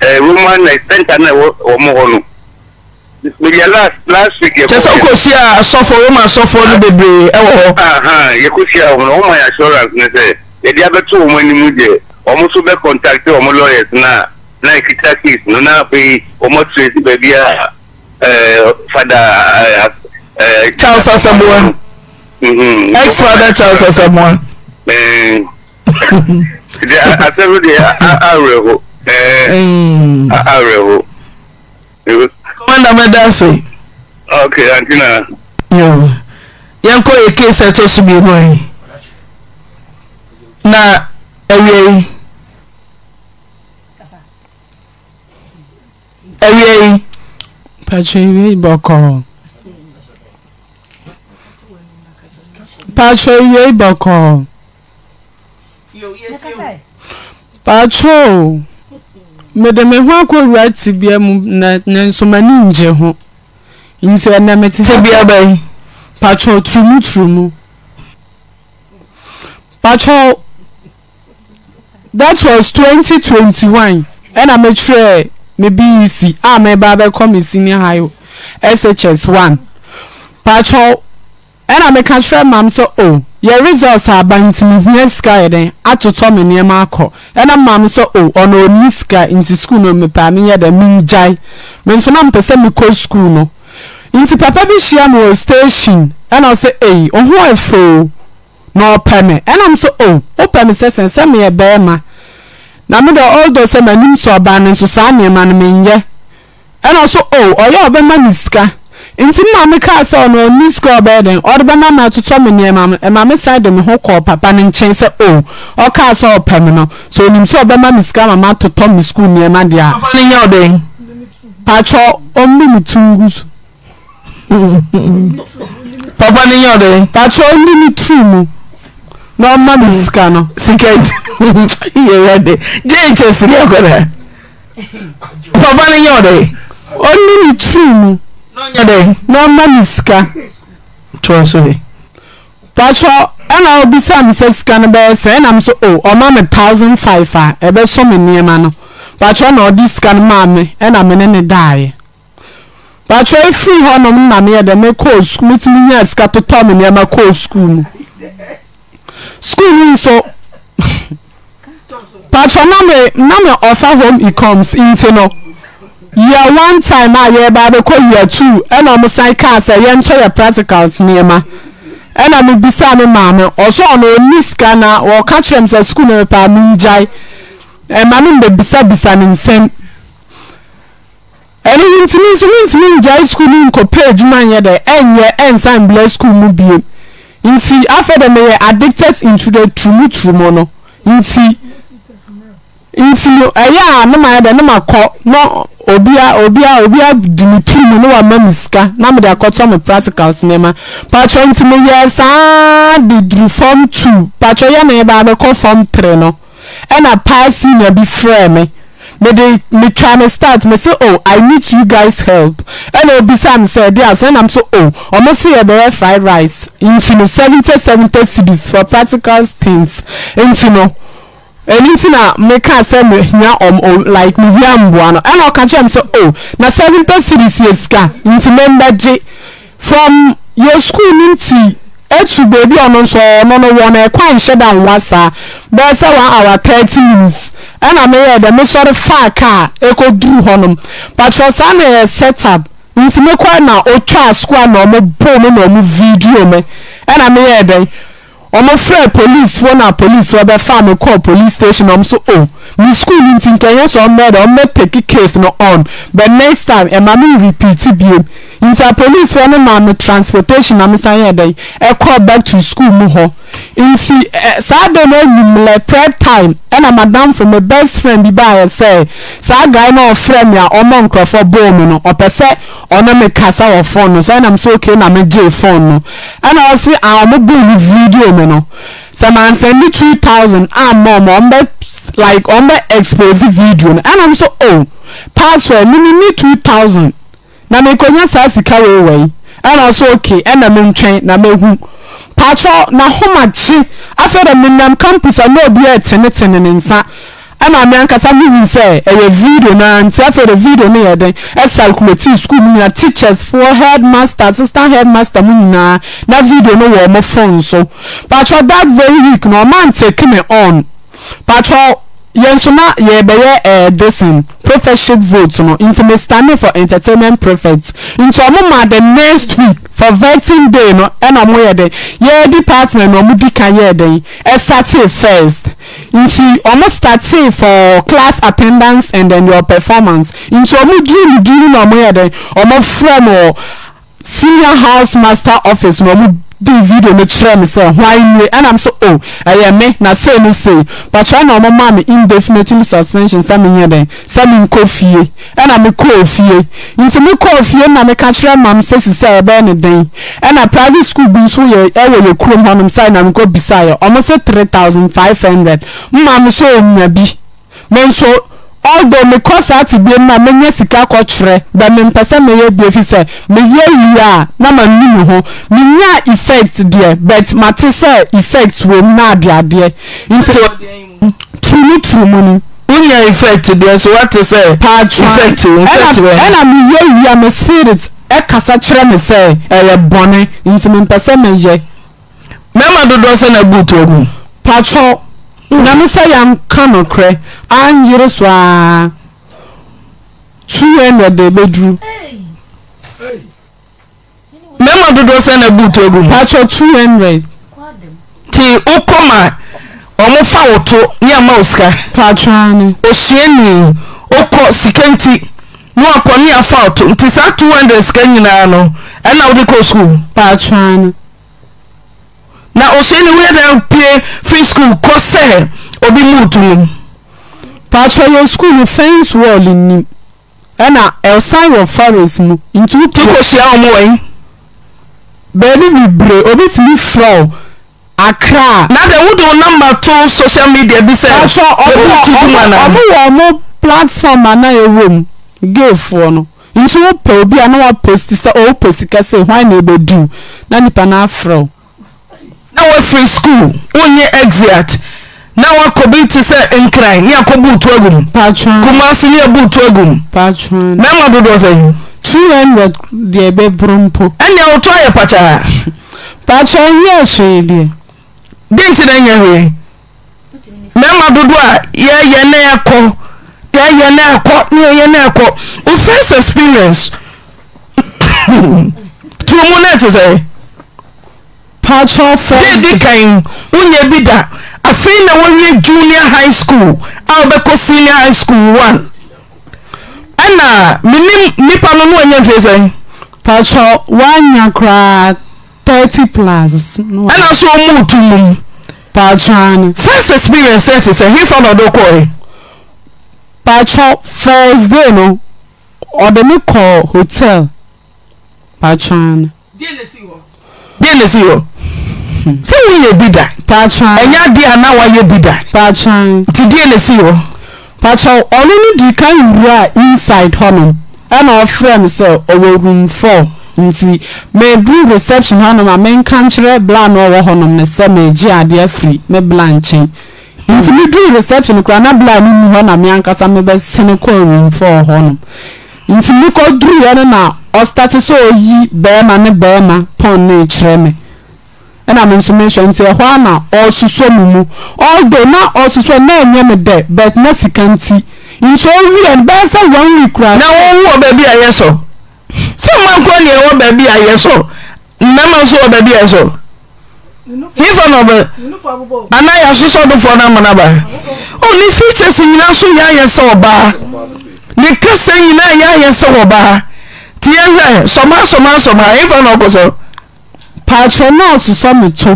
ɛɛ eh, roman eh, center náà wɔ mu hɔ no media last last week yɛ kɔ. kyesɛ kò si a sɔfo wɔn ma sɔfo no bebree ɛwɔ hɔ. yɛ kò si a wɔn wɔn assurance ne sɛ yɛde abɛto wɔn anim deɛ wɔn nso bɛ contact wɔn lawyers na na ekita case no na afei wɔn ato esi baabi a ɛɛ fada ɛɛ. charles asamoah. Mm-hmm. ex father charles asamoah. asɛm deɛ awerɛho awerɛho kɔmanda mɛda ase ok antina yo yɛnkɔ yɛ case ɛtɔ so mmienu ayi na awia yi awia yi patro bɔkɔɔ paatwo mede me ho akɔwura tibea mu na nanso m'ani ngye ho nti ɛnɛ mete tibea bɛyi paatwo turumu turumu paatwo that was twenty twenty one ɛna mekyerɛ me bc a meba abɛkɔ me senior high shs one paatwo ɛna meka serɛ mam sɛ o oh, yɛ resort aba oh, nti mehua sika dɛn atotɔmennoɔma kɔna ma ɛnni ska nti kuomemesona mpɛsɛ mekɔ skul nonti papa bi hyia mo wɔ station noɔmnɛmesɛ sɛmema nameɛo sɛnaannmaoa nti maame kaa sɛ ɔno ɔni sika ɔbɛyɛ den ɔde bɛma ma atotɔ me nneɛma maame san de me ho kɔɔ papa ne nkyɛn sɛ o ɔkaa sɛ ɔpɛ me no so onim sɛ ɔbɛma me sika ma ma atotɔ sukuu nneɛma deɛ a. papa ne nyɛ ɔbɛn. patwɔ ɔmmi me tungu so. papa ne nyɛ ɔbɛn. patwɔ ɔmmi me turu mu na ɔma me sika no. sika yɛ wɛ de gye nkyɛn sika kɔrɔ papa ne nyɛ ɔbɛn. ɔmmi me turu mu. dɛ ne ɔma me sika paato na obisa mesa sika no bɛyɛ sɛ ɛnam so oh, ɔma me tous 5i a bɛso me nnoɔma no batro na ɔde sika no maame na mene ne daɛ baatro fri hnom na meyɛdɛ mɛmtumi nyasika otɔ me nnoma ko skuul mu skms atnam ɔfa home ecoms i Year one time a ah, yɛreba abɛkɔ year two ɛna ɔmo san kaa sɛ yɛntɔ yɛ practicals nneɛma ɛna mo bisa ne maame ɔsɔ ɔno oni sika na wɔka kyerɛ mi sɛ sukuu na pa mi ngyae ɛma no mbɛ bisabisa ne nsɛm ɛno yi ntumi nso mi ntumi ngyae sukuu no nkɔpɛ adwuma nyɛ dɛ ɛnyɛ ɛnsan mbila sukuu mu bie nti afɛ dɛ meyɛ addicted into the tumutumu no nti nti no ɛyɛ a ne ma yɛ dɛ ne ma kɔ na obia obia obia di mi tiri mu ne wa ma mi sika na mi de akɔtɔ mi practicals nneɛma patro nti mi yɛ saa de duru form two patro yɛ na yɛ ba abɛkɔ form three no ɛna paasi na bi frɛ mi me de me try me start me say oh i need you guys help ɛna obisa mi sɛ ɛdi aso ɛna mi so oh ɔmo si yɛ bɛyɛ fried rice nti no seventy seventy cedis for practicals things nti no. ɛno nti na meka sɛ mehia like mehia mboa no ɛna ɔka kyerɛ m sɛ oh, o na 70 series yɛ sika nti mɛmbɛgye from yɛ skul ntị etu atu baabi ɔno nso ɔno no wɔ no ɛkwa nhyɛ da nwa saa bɛɛ sɛ 1 hour 30 minutes ɛna meyɛ dɛ mesɔre faa kaa duru hɔnom bakyerɛ saa na yɛ setup nti na ɔtwaa skul a na ɔmo bo na ɔmo video me ɛna meyɛ dɛn wɔn frɛ polisifoɔ na polisifoɔ bɛfa mi kɔɔ police station wɔn so o mi school ni nti nkɛyɛ sɛ wɔn mɛrɛ wɔn peki case no on but next time ɛma mi repeat biem nti apolisifoɔ no maa me transportation na mesan yɛ dɛ ɛkɔ back to school mu hɔ nti saa de no enyim lɛ prep time ɛna madam for my best friend bi ba ayɛ sɛ saa guy no ɔfrɛ mi a ɔmo nkorɔfo bɔɔ mu no ɔpɛ sɛ ɔne mi kasa wɔ phone no so ɛnam so okay na mi gye phone no ɛna ɔsi a ah, ɔmo bɔ mi video mu no sɛ maa nsɛn ni two thousand a ah, mɔ ɔmo ɔmo bɛ like ɔmo bɛ expose video no ɛnam so oh password mi ni ni two thousand na mekonya saa sika wei wei ɛna ɔso oke ɛna mentwɛn na mehu paatwɔ na homagye afei dɛ menam campus a na obi ɛtenetene ne nsa ɛna ame ankasa mehu sɛ ɛyɛ video no a nti afei dɛ video no yɛ den ɛsalkulati school mu nyinaa teachers foɔ headmaster assistant headmaster mu nyinaa na video no wɔ ɔmo phone so paatwɔ that very week na ɔmo antake me on paatwɔ yẹn nso na yɛbɛyɛ ɛɛ eh, dosin prophetship vote no nti mi standing for entertainment prophet nti ɔmo ma the next week for voting day no ɛna ɔmo yɛ den yɛɛ department na ɔmo di kan yɛɛ den ɛstartee first nti ɔmo startee for class attendance and then your performance nti ɔmo duru duru na ɔmo yɛ den ɔmo from mo uh, senior house master office na ɔmo di video no kyerɛ me sɛ hwan nie ɛna m so o oh, ɛyɛ me na sei ne sei patwa na ɔmo maa me indefinitely suspension sɛ me nyɛ dɛn sɛ me nkɔ fie ɛna me kɔɔ fie nti me kɔɔ fie na meka kyerɛ mam sɛ si sɛ ɛbɛyɛ ne dɛn ɛna private school bi nso yɛ ɛwɔ yɛ kurom hɔnom sɛ na mekɔ bisaeɛ ɔmo sɛ three thousand five hundred mmaa me so ɔnya bi me nso although mekɔ saa te bie mu a menya sika kɔkyerɛ but mempɛ sɛ meyɛ bie fi sɛ meyɛ yie a na ma nni me ho menya effect deɛ but mate sɛ effect wɔ mu na adeadeɛ nti turumu turumu ni wonya effect deɛ so wate sɛ effect effect wɛ ɛna meyɛ yie a me spirit ɛkasa e kyerɛ me sɛ ɛyɛ e bɔne nti mempɛ sɛ meyɛ mɛma dodoɔ sɛ na buutu ogu patro nyame sɛ yɛnka nokorɛ anyere so aa suɛ na ɛde bɛduru mɛma dodoɔ sɛ na buuto agu patwɛ 200 nti wokɔ ma ɔmofa wo to ne ama wo sika patwɛane ohyia ni wokɔ sika nti ne wakɔ ne afa wo to nti saa 200 sika nyinaa no ɛna wode kɔ sukuu patwɛane na ɔhyɛ ne wei na pie firi skul kɔ obi mu to mu paatwɛ yɛ skul no fence wall nim ɛna ɛsan wɔ forest mu nti wo tukɔ hyia wɔn wɔn mi bebree obi ti tumi frɛ akra na de wo de wo namba to social media bi sɛ paatwɛ ɔmo ɔmo ɔmo wɔ ɔmo platform a na ɛwɔ mu gayfoɔ no nti wo pɛ obi a na wa post sɛ ɔwɔ pɛ sika sɛ hwan na ebɛdu na nipa na afrɛ o. nwoafri skol woye exiat ne woakɔbi te sɛ nkr ne akɔbotoag asemabooag ma dodoɔsooaɛa ti ɛ y ma dodoɔ a ofas experience tmu neeɛ deedi kan wonya bi da afei na wowie junior high school a wobɛkɔ senior high school one. ɛna menim nnipa no no wanya mfei sɛn patwɔ woanya koraa 30 plus ɛna nso ɔmu to mum patwɔane first experience ɛte sɛ hefa na ɔde kɔe patwɔ first day no ɔde me kɔ hotel patwɔane deɛ na si hɔ Mhm. sɛ woyɛ bi da ɛnya deɛ a na woayɛ bi da nti deɛ ne si wɔ pakyɛw ɔno no dii ka nwura a inside hɔnom ɛna ɔfrɛ no sɛ ɔwɔ room nti reception hɔnom a menka nkyerɛ bla no ɔwɔ hɔnom sɛ adeɛ afiri me bla nkyɛn nti hmm. meduru reception na bla no mu hɔ na mebɛsene room hɔnom nti mekɔduruɛ no na ɔstate sɛ ɔyi bɛrima ne bɛrima pɔn no me ɛna me nso mehyɛ nti ɛhɔ a na ɔsoso mu mu ɔdo na ɔsoso na ɛnyɛ me dɛ but na sika nti nso owurɛ bɛyɛ sɛ one week kura. na wɔn wɔ baabi a yɛ sɔ sɛ mmanko ni ɛwɔ baabi a yɛ sɔ mmarima nso wɔ baabi a yɛ sɔ hifa na ɔbɛ ana yɛ asosɔ dofoɔ na amana ba o oh, ne features nyinaa so yɛ ayɛ sɛ ɔbaa ne kasa nyinaa yɛ ayɛ sɛ ɔbaa tie hwɛ sɔmaa sɔmaa sɔmaa hifa na ɔkɔ paatwa nọọsụ sọ m to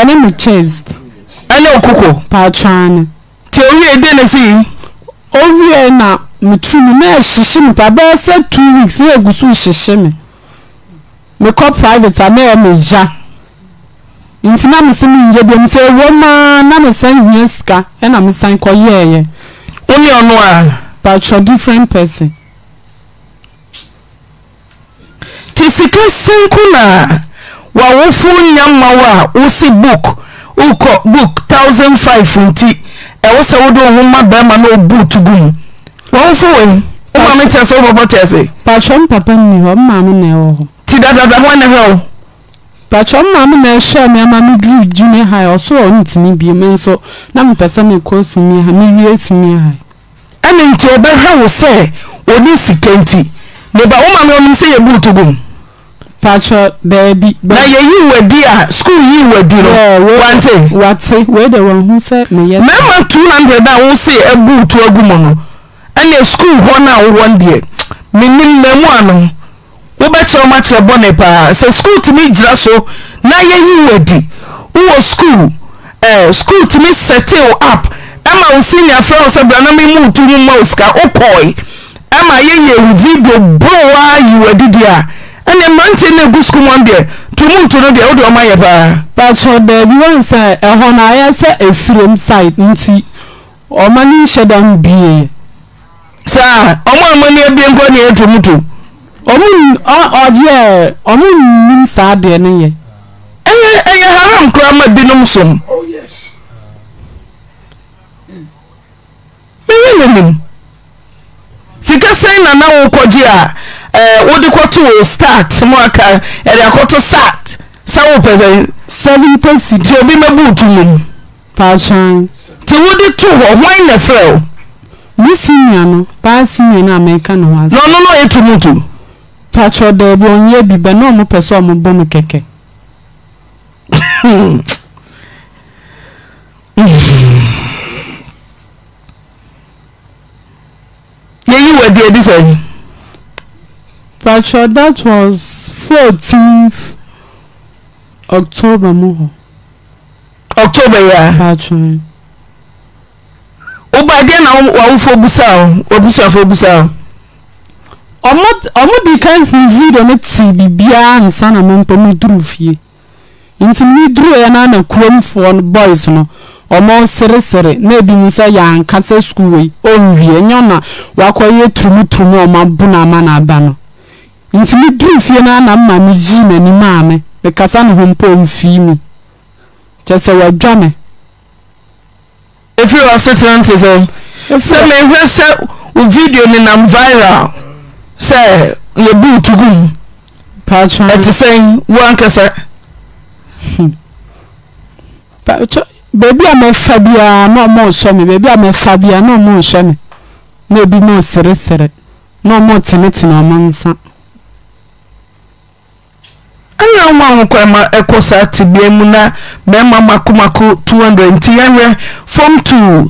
ɛne me chest ɛne okoko paatwa ano tí owie ede na si owie na metu mu na ɛhyehye me pa bɛyɛ sɛ two weeks na egu so hyehye me mekɔ private a na ɛyɛ me gya nti na mesi mi nye biom sɛ ewo maa na mesan hia sika ɛna mesan kɔ yɛɛyɛ. onye ɔno a. paatwa different person. sika senku e na wawofu nya a wosi book wokɔ book 1005 nti ɛwo sɛ wode wo bɛrima na ɔbu gu mu wawofo wei woma me teɛ sɛ wobɔbɔ teɛ se patwɔ mpapa nni hɔ mmaa me na ɛwɔ hɔ nti dadada ho ɛne hɛ o patwɔ mmaa me na ɛhyɛ me ama me duru ɔso me na mepɛ sɛ mekɔ ha mewie ha ɛne nti ɔbɛhwɛ wo patro beebi. na yɛyi wadi a school yi wadi no wante. wate wei de wɔn ho sɛ ne yɛ. mmarima two hundred a wɔsi ebu tu egu mu no ɛna school hɔ na wɔwɔ deɛ menim na mu ano wobɛkyerɛ wɔn akyerɛ bɔne paa sɛ school tumi gyina so na yɛyi wadi wowɔ school ɛɛ school tumi settle up ɛma wo senior fɛ wo sɛ brana mi mu tu mu ma wo sika wokɔe ɛma yɛyɛ video borowa yi wadi deɛ a. ɛnna mmeranteɛ no egu sukuu wɔn deɛ tumuntu no deɛ o de ɔmo ayɛ paa. pàtó bẹẹbi wọn sẹ ẹhọ náà ayẹ sẹ efirim side nti ọmọ ní nhyẹdam bie. saa ọmọ ọmọ ní ebien kọ ní etumutu. ọmọ ọdẹ ọmọ nnim saa deɛ ne yɛ. ɛyɛ ɛyɛ haram koraa ma binom som. Oh, meyɛ yɛ sika sɛn na na wokɔgye a. ɛɛ wodi kɔto start mu aka ɛde akɔto start sáwọ pẹsẹ. Eh, seven percent. tí obi mẹ́bù tu mu. paasan. tí wodi tu hɔ wɔn na fẹ́ o. mi senior no paa senior no a mɛka ne ho ase. na ɔno no yɛ tu mu tu. patro dɛbi ɔnyɛ bi bɛ na ɔmo pɛ sɛ ɔmo bɔ mo kɛkɛ. yɛyi wɔ adi adi sɛ. Pacho, that was 14th October mụ October ya Pacho dị na wawufe obusa obusa obusa ọmụ dị ka nvidio ne ti bibia nsa na mmpọ mu fie nti mu ya na na kurom fo no boys no ọmụ seresere na ebi mu ya nkasa skuul wei o nwie na wakọ ihe turumu turumu ọmụ abụ na ama na aba nọ. nti meduru fie na ana mma e me gyii n'ani maa me mekasa ne ho mpo mfii mi kyɛ sɛ wadwa me ɛfiri wɔsetena nte sɛ sɛ mehwɛ sɛ wo video ne nam viral sɛ yɛbu tugum ɛte e sɛ woankasa hmm. baabi a mɛfa biara na ɔmo nsɔ me baabi a mɛfa biara na ɔmo nsɔ me na ebi mo seresere na ɔmo tenetene ɔmo nsa. ana nwa nwokwama ɛkɔsa ti bia mu na mmarima makomako 200 nti yɛnwerɛ fom 2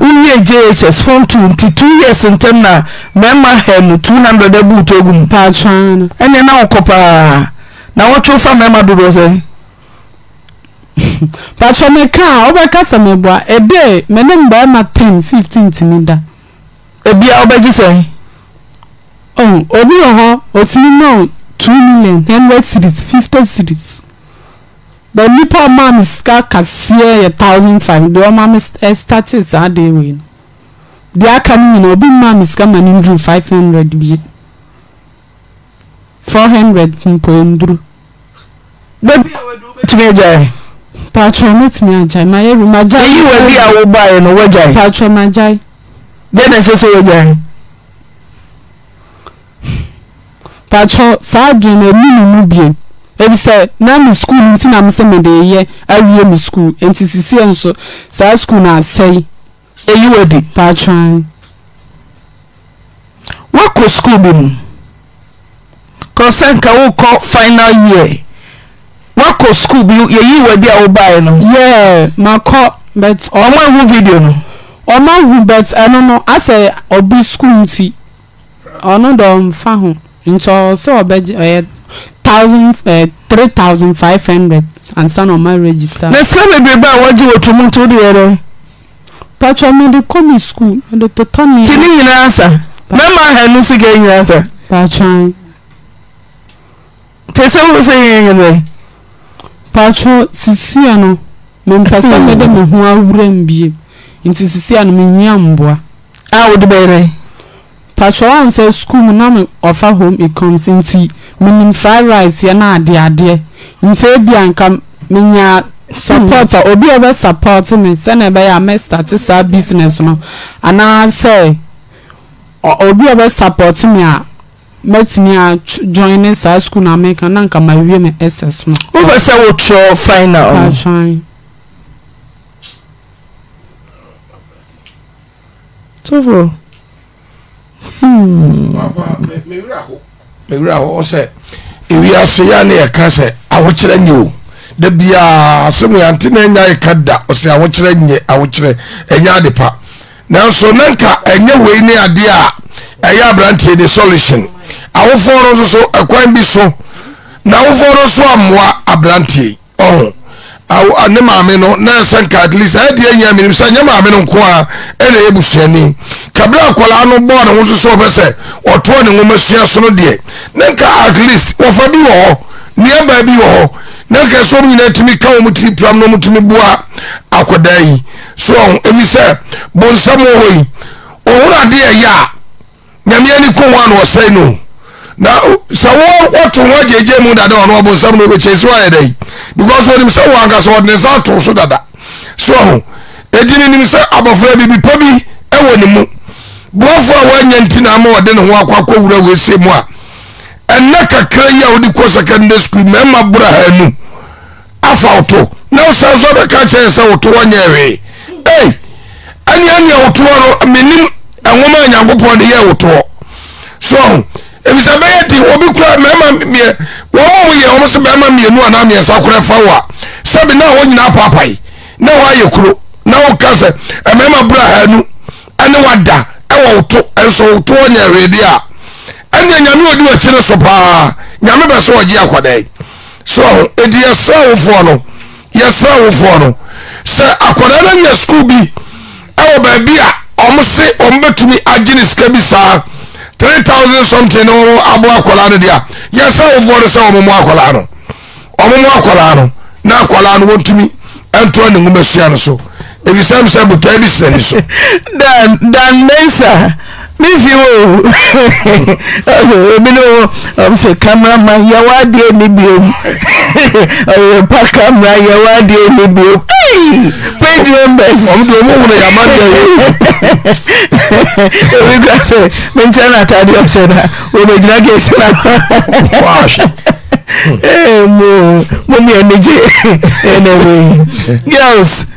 wowie jhs nti 2 years ntɛm na mmarima ha mu 200 abuuto agu mu ɛneɛ na wokɔ paa na wɔtwew fa mmarima dodoɔ sɛ patro mekaa wobɛka sa meboa ɛde mene 10 15 da ebia wobɛgye sɛ oh, obi wɔ hɔ ɔtumi two million hundred cities, fifty cities. but nipa ọma mi sika kaseɛ yɛ thousand five deɛ ɔma mi ɛstate saa de wei no deɛ aka no nyina obi mma mi sika ma ne nduru five hundred bie four hundred mpo nduru. bẹẹbi tìmí ẹja yẹ. patrọ mi tìmí ẹja yẹ ma yẹ bi ma ja yẹ. èyí wẹ̀ bí àwọn ọba yẹn ni wọ́n jà yẹ. ma ja yẹ. bẹ́ẹ̀ náà ṣe sọ wọ́n jà yẹ. pakyɛ saa adwene no ɛmu ne mu bie ebi sɛ na me skul nti na mesɛ mede yɛ awie me skul nti sisi nso saa skul na asɛe eyi wɔ di pakyɛ wakɔ skul bi mu kɔsɛ nka wokɔ final year wakɔ skul bi yɛyi wɔ di a wobaeɛ no yɛɛ makɔ but ɔmo ehu video no ɔmo ahu but ɛno no asɛ ɔbi skul nti ɔno dɔm fa ho. nti ọsọ ọbẹji ẹyẹ thousand ẹ eh, three thousand five hundred and san my register. na sẹ bebrebe a wọ́n jí wọ́n tún mú tó di yẹrẹ. pàtó mi de kọ́ mi skul mi de tọ́tọ́ mi. ti ni nyinaa sa mẹ́mà hẹ́nu sì kẹ́ nyinaa sa. pàtó. tẹ̀sẹ̀ wo sẹ́ yẹn yẹn bẹ́ẹ̀. pàtó sisi yẹn no mi mpẹsẹ mi de mi ho awura mi bie nti sisi yẹn no mi nyia mboa. a wò de bẹ́ẹ̀ rẹ̀. patwa ɔn sɛ sukuu mu na ɔfa home economs nti menim fried rice yɛ na ade adeɛ nti ebi anka menya support a hmm. obi a ɔbɛ support me sɛnɛ ɛbɛyɛ a mɛsta te saa business no anaasɛ obi a ɔbɛ support me a mɛtumi a join ne saa sukuu na mɛka na nka ma wie me ss no. wobɛ sɛ wotwerɛ final. patwa tofo. mewura hɔ sɛ ewiase ya ne yɛka sɛ awokyerɛ nye o da biaa sɛmu yɛante na ɛnya yɛka da ɔsɛ awokyerɛ nye awokyerɛ ɛnya ade pa nanso na nka ɛnyɛ wei ne adeɛ a ɛyɛ aberanteɛ de solution awofoɔ no nso so ɛkwan bi so na awofoɔ no so ammoa aberanteɛ ɔho Ah, ne maame no na ɛsɛ nka at least ɛyɛ deɛ nyɛ menim sɛ nyɛ maame no nko a ɛna ɛyɛ busuani kabra akwaraa no bɔɔ ne ho so sɛ ɔpɛ sɛ ɔtoɔ ne nwoma sua so no deɛ ne nka at least wɔfa bi wɔ hɔ nneɛma bi wɔ hɔ na nka so ɔmo nyinaa tumi ka ɔmo tiri piam na ɔmo tumi bua akwadaa yi so ɔn ebi sɛ bonsam wɔ hɔ yi ɔhoro adeɛ yɛ a nyame ani ko ho a na ɔsɛn no na sɛ wɔ wɔto ho agyegye mu dada ɔno ɔbonsam no ɔbɛkyɛ si ayɛ dɛ yi. because onim sɛ wɔ anka sɛ ɔde nsa ato so dada so ho ɛdi no nim sɛ abɔfra bibipa bi ɛwɔ ne mu boafo a woanya nti na ama ɔde ne ho akɔ mu a ɛnɛ kakra yi a wode kɔ secondary school mmarima bura ha nu afa woto na wosan so bɛka kyerɛ sɛ woto wanyɛ no menim ɛnwoma a nyankopɔn de yɛ so bɛyɛ obi kura mmarima wɔn mu yɛ wɔn sɛ bɛrima mmienu anaa mmiɛnsa korɛ fa wa sɛbi na wɔn nyinaa paapae na ayɛ kuro na wɔka ka mmarima bra ha nu ɛne wada ɛwɔ woto ɛnso woto ɔnyɛ awɛde a ɛnyɛ nyame odi wɔkyi no so paa nyame bɛ so ɔgye akwadaa so edi yɛsrɛ wofoɔ no yɛsrɛ wofoɔ no sɛ akwadaa no nya sukuu bi ɛwɔ baabi a wɔn se wɔn bɛtumi agye ne sika bi saa. three thousand something na wɔn abo akwadaa no deɛ yɛsɛ wofoɔ no sɛ wɔn mu akwadaa no wɔn mu akwadaa no na akwadaa no wɔntumi ntoa ne nwoma sua no so efisɛ mi sɛ butaa bi sɛ ne so. dan dan nensa mísì um, o ebi ni o ọsẹ kámẹ́rámà yẹwò adìẹ níbi o ọyọ pa kámẹ́rà yẹwò adìẹ níbi o page members. ọmọ mi ò wúlò yàrá máa ń bẹ̀rẹ̀. èmi gbà sẹ mi n tẹ́lẹ̀ àtàdé ọ̀sẹ̀ náà òmèjìlá gẹ̀ẹ́tì náà. wáṣẹ. mo mo ní ẹni jẹ ẹnẹ wẹ̀yìn girls.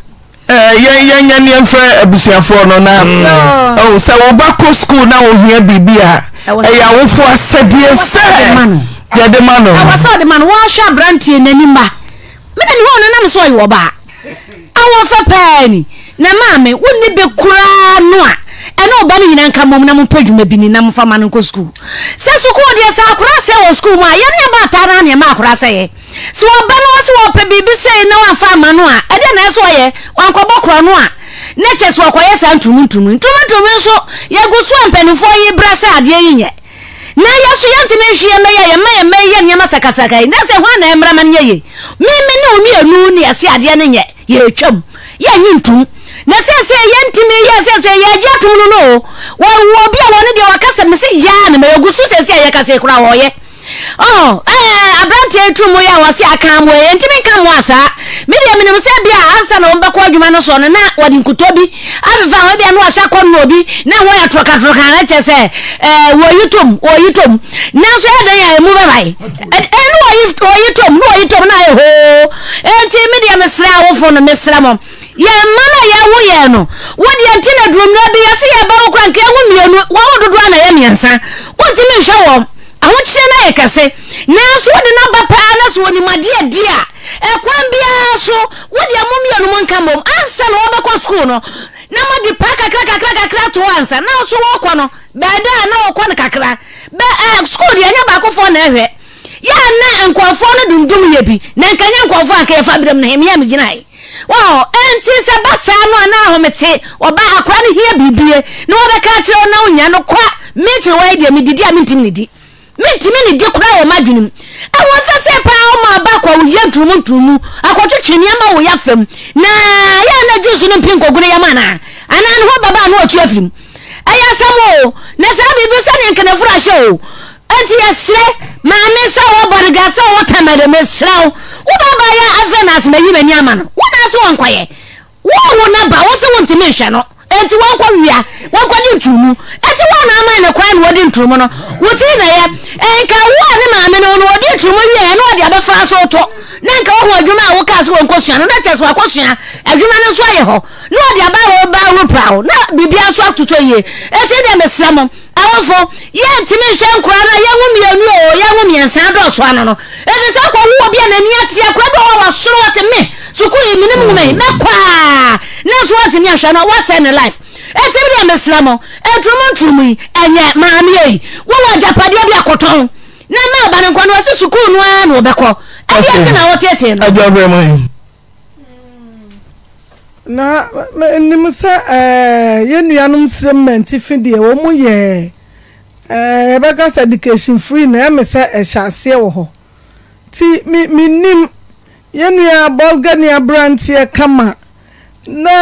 Eh, yɛn yɛn yɛn yɛn fɛ abusuafoɔ no na ɔwɔ mm. oh, sɛ wɔba kɔ sukuu na wɔhia biribi a ɛyɛ awofo asɛdeɛ sɛ yɛde ma no. awɔ sɛ ɔde ma no wɔahwɛ aberanteɛ n'anim ba mena ne hɔ no nam so ɔyɛ ɔbaa awɔ fɛ pɛɛ ni na maame wonni bi koraa no a ɛne ɔba no nyina nka mmom na mompɛ adwuma bi ni na momfa ma no nkɔ sukuu sɛ sukuu deɛ sɛ akora sɛ wɔ sukuu mu a yɛne yɛba ataa no aneɛma akora sɛ wɔba no wɔ sɛ wɔpɛ biribi sei na wamfa ama no a ɛdeɛ na ɛsɛ ɔyɛ wankɔbɔ korɔ no a ne kyɛ sɛ wɔkɔyɛ saa ntumuntumu ntumuntumu nso yɛgu so a mpanimfoɔ yi bra sɛ adeɛ yi nyɛ na yɛ so yɛntumi nhwe yɛ mɛyɛ yɛ mɛ yɛ nneɛma sakasaka yi na sɛ hɔ na ɛmmerama no yɛ yie mimi ne omi enu ne yɛse adeɛ no nyɛ yɛretwam yɛnyi ntum na sese yɛntumi yɛ sese yɛgye atom no no wɔbi a wɔne deɛ wakasa me se gyaa ne ma yɛgu so sese a yɛkasa kora wɔyɛ ɔh oh, ɛɛ eh, aberanteɛ tu mu yɛ a wɔse aka mo yɛ ntimi ka mo asa me deɛ menim sɛ bia ansa na wɔmbɛkɔ adwuma no so no eh, eh, na wɔde nkutɔ bi afefa hɔ bia no wɔahyɛ kɔ no obi na wɔyɛ torɔkatorɔka na kyɛ sɛ ɛɛ wɔyi tom wɔyi tom nanso ɛdɛn a ɛmu bɛbae ɛne wɔyi tom na wɔyi tom na ayɛ hoo ɛnti me deɛ mesrɛ awofo no sra mo. yama n ya wo ye no wode ti na di e ba a a ɛnti sɛ basaa no ana ahomete ɔba akora no hia biribie na wɔbɛka kyerɛ na wonya no kwa mekyere wɔyɛ deɛ medidi a mentim ne di mentimi ne di koraa wɔ m'adwenem ɛwɔ fɛ sɛ paa ɔma aba kɔ woyɛ akɔtwetwe nneɛma wo yɛ na yɛ na ya so no mpi nkɔgu no yɛm anaa anaa ne baba a ɛyɛ asɛm o na saa biribi o ɛnti yɛserɛ maame sɛ sɛ wo sɛ wɔnkɔyɛ wɔn wo naba wɔn sɛ wɔn ntumi nhwɛ no nti wɔn kɔ wia wɔn kɔ di ntumu ɛti wɔn na ama ne kwan na wɔdi ntumu no wɔti na yɛ nka wɔn ne maame no no wɔdi ntumu wia yɛ na wɔde abɛfa so tɔ na nka wɔn adwuma a wɔka so wɔn kɔ sua no na kyɛ so wɔkɔ sua adwuma no nso ayɛ hɔ na wɔde aba wɔn ba wɔn pra wo na biribiara nso atoto yie ɛti deɛ mesra mo awofo yɛntumi nhyɛ nkora no yɛho mmienu o yɛho mmiɛnsa dɔɔso ano no ɛfiri sɛ kɔ wowɔ bi a n'ani ate akora bi wɔ wasoro wɔ se me sukuu yi menim nwoma yi mm. mɛkɔ a ne nso wɔntumi ahwɛ no wɔsɛ ne life ɛtim deɛ mesrɛ mɔ ɛturumu nturumu yi ɛnyɛ maame yi wowɔ agyapadeɛ bi akɔtɔn na mmaa ba ne nkɔ no wɔsi sukuu no ara na wɔbɛkɔ ɛdeɛ te na wɔteetee no na nim sɛ eh, yɛn nuanom srɛ mmɛnti fi deɛ wɔn mu yɛ yɛbɛka eh, sɛ education free na ɛmɛ sɛ ɛhyɛ aseɛ wɔ hɔ ti mi mi nim yɛn nua bɔlgani aberanteɛ kama na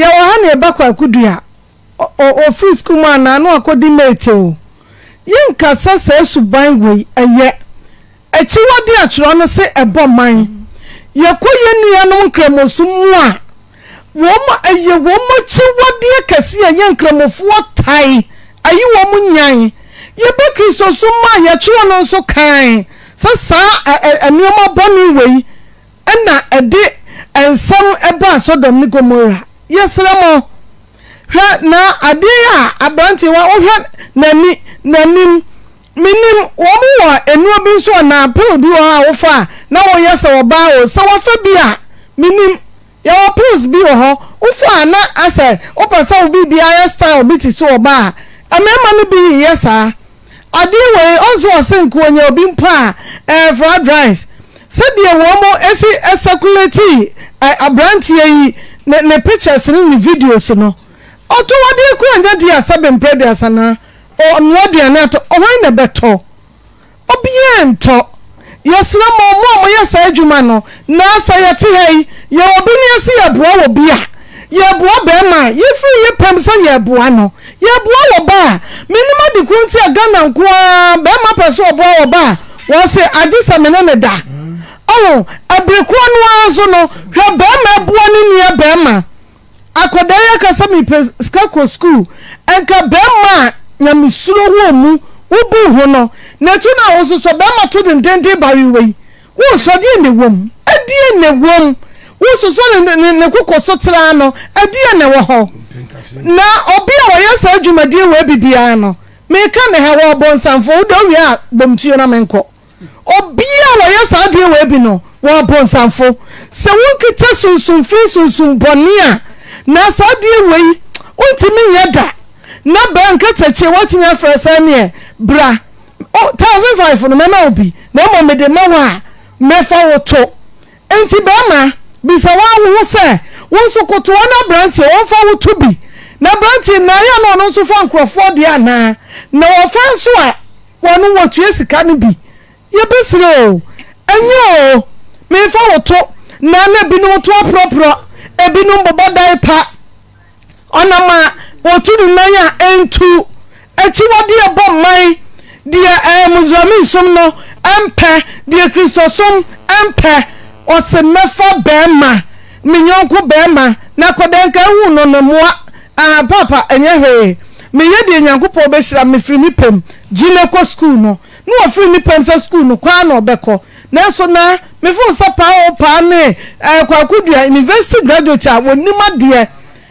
yɛwɔ ha na yɛbɛkɔ akudua ofiri sukuu mu anaa na wakɔdi meete o yɛnkasa sɛ esuban wei ɛyɛ akyiwadi atwerɛ no sɛ ɛbɔ man yɛkɔ yɛn nuanom nkramosom mu a wɔn ɛyɛ wɔn akyiwadeɛ kɛseɛ yɛ nkramofoɔ tae ayi wɔn nyan yɛbɛ kristo so ma yɛtwerɛ no nso kan sɛ saa nneɛma bɔne wei ɛna ɛde nsɛm ɛba sodom ne gomora yɛsrɛ mo hwɛ na adeɛ a aberante wa wohwɛ n'ani n'anim menim wɔn wɔ enua bi nso ɔnaa pill bi wɔ hɔ a wofa na wɔyɛ sɛ wɔbaa o sɛ wɔfa bi a menim yɛwɔ pills bi wɔ hɔ wofo a na asɛ wopɛ sɛ wo biribi ayɛ style bi te so wɔ ba a mmarima no bi yɛ saa ɔde wei ɔnso ɔse nko ɔnyɛ obi mpo a ɛɛ fried rice sɛdeɛ wɔn mo esi ɛsɛkuleti ɛ aberanteɛ yi ne ne pictures ne ne videos no ɔto wɔde kura nyɛ deɛ asɛbɛn mpɛ deɛ asana ɔnoa deɛ ne ato ɔwɔn na bɛtɔ obiara ntɔ yɛsena ma ɔmo a moyɛ saa adwuma no na sɛ yɛte ha yi yɛwɔ bi ne ɛsi yɛboa wɔ bi a yɛboa bɛrima a yɛfiri yɛ pɛm sɛ yɛboa no yɛboa wɔ ba a menim adi kuro nti a ghana nkoaa bɛrima pɛ sɛ ɔboa wɔ ba a wɔse agye sɛ mene ne da ɔwo abirikuro no ara so no hwɛ bɛrima aboa ne nua bɛrima akɔdaa yɛ kasa mepɛ sika kɔ skul ɛnka bɛrima a nyamesuro wɔ mu wubu hu no natu no a wo so so bɛima to dendenden barewa yi wosɔdeɛ ne wom adiɛ ne wom wososo ne kokɔ so teraa no adiɛ ne wɔ hɔ na ɔbe a wɔyɛ saa adwumadeɛ wɔ bibiara no meka ne ha wɔbɔnsamfo wode owie a bɔmtuo no menkɔ ɔbia a wɔyɛ saa deɛ wɔ bi no wɔbɔnsamfo sɛ wonkita sunsumfii sunsumbɔne a na saa deɛ wei wontumi nyɛ da na bɛa nkatakyie woatumi afrɛ sɛ neɛ bra 05 no mɛma wo bi na mmɔ mede ma wo a mɛfa wo to nti bɛrima bisa woawo ho sɛ wo nso kotoa no aberanteɛ wɔmfa wo to bi na aberanteɛ nnaayɛ na ɔno nso fa nkurɔfoɔ deɛ anaa na wɔfa nso a wɔno wɔtua sika no bi yɛbɛsirɛ o enyo o memfa wo to naa na binom toɔ porɔporɔ ebinom bobɔ dae pa ɔnam a wɔtu no nan a ɛntu akyiwadeɛ bɔ mman deɛ ɛɛ eh, musulmi nsom no ɛmpɛ deɛ som ɛmpɛ ɔsɛ mɛfa bɛrima me nyɔnko bɛrima na akɔda nka ehu no ne mmoa aa ah, papa ɛnyɛ hwee meyɛ deɛ nyankopɔn bɛhyira mefiri ne pɛm gyi ne kɔ skul no ne wɔfiri ne pɛm sɛ skul no kwaa na ɔbɛkɔ nanso na mefoo sɛ paa paa ne ɛɛ eh, kwakodua university graduate a wɔnim adeɛ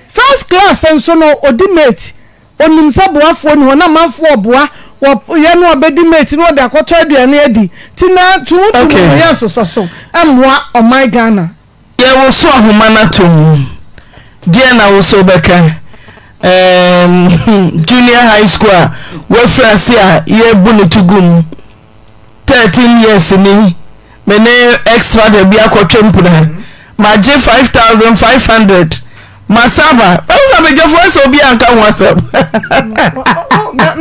first class nso no odi mate onim bua boafoɔ ni hɔ na manfoɔ boa yɛ no ɔbɛdi mate na ɔde akɔtɔ aduane adi nti na tuwotum yɛ nsosɔ so e mmoa ɔman ghana yɛwo so ahoma no ato mu deɛ na wo so bɛka um, junior high school a wɔafiri ase a yɛbu ne to gu mu 13 years ni mene extra da bi five thousand five hundred masaba saba abegyefo ɛsɛ obi anka ho asɛm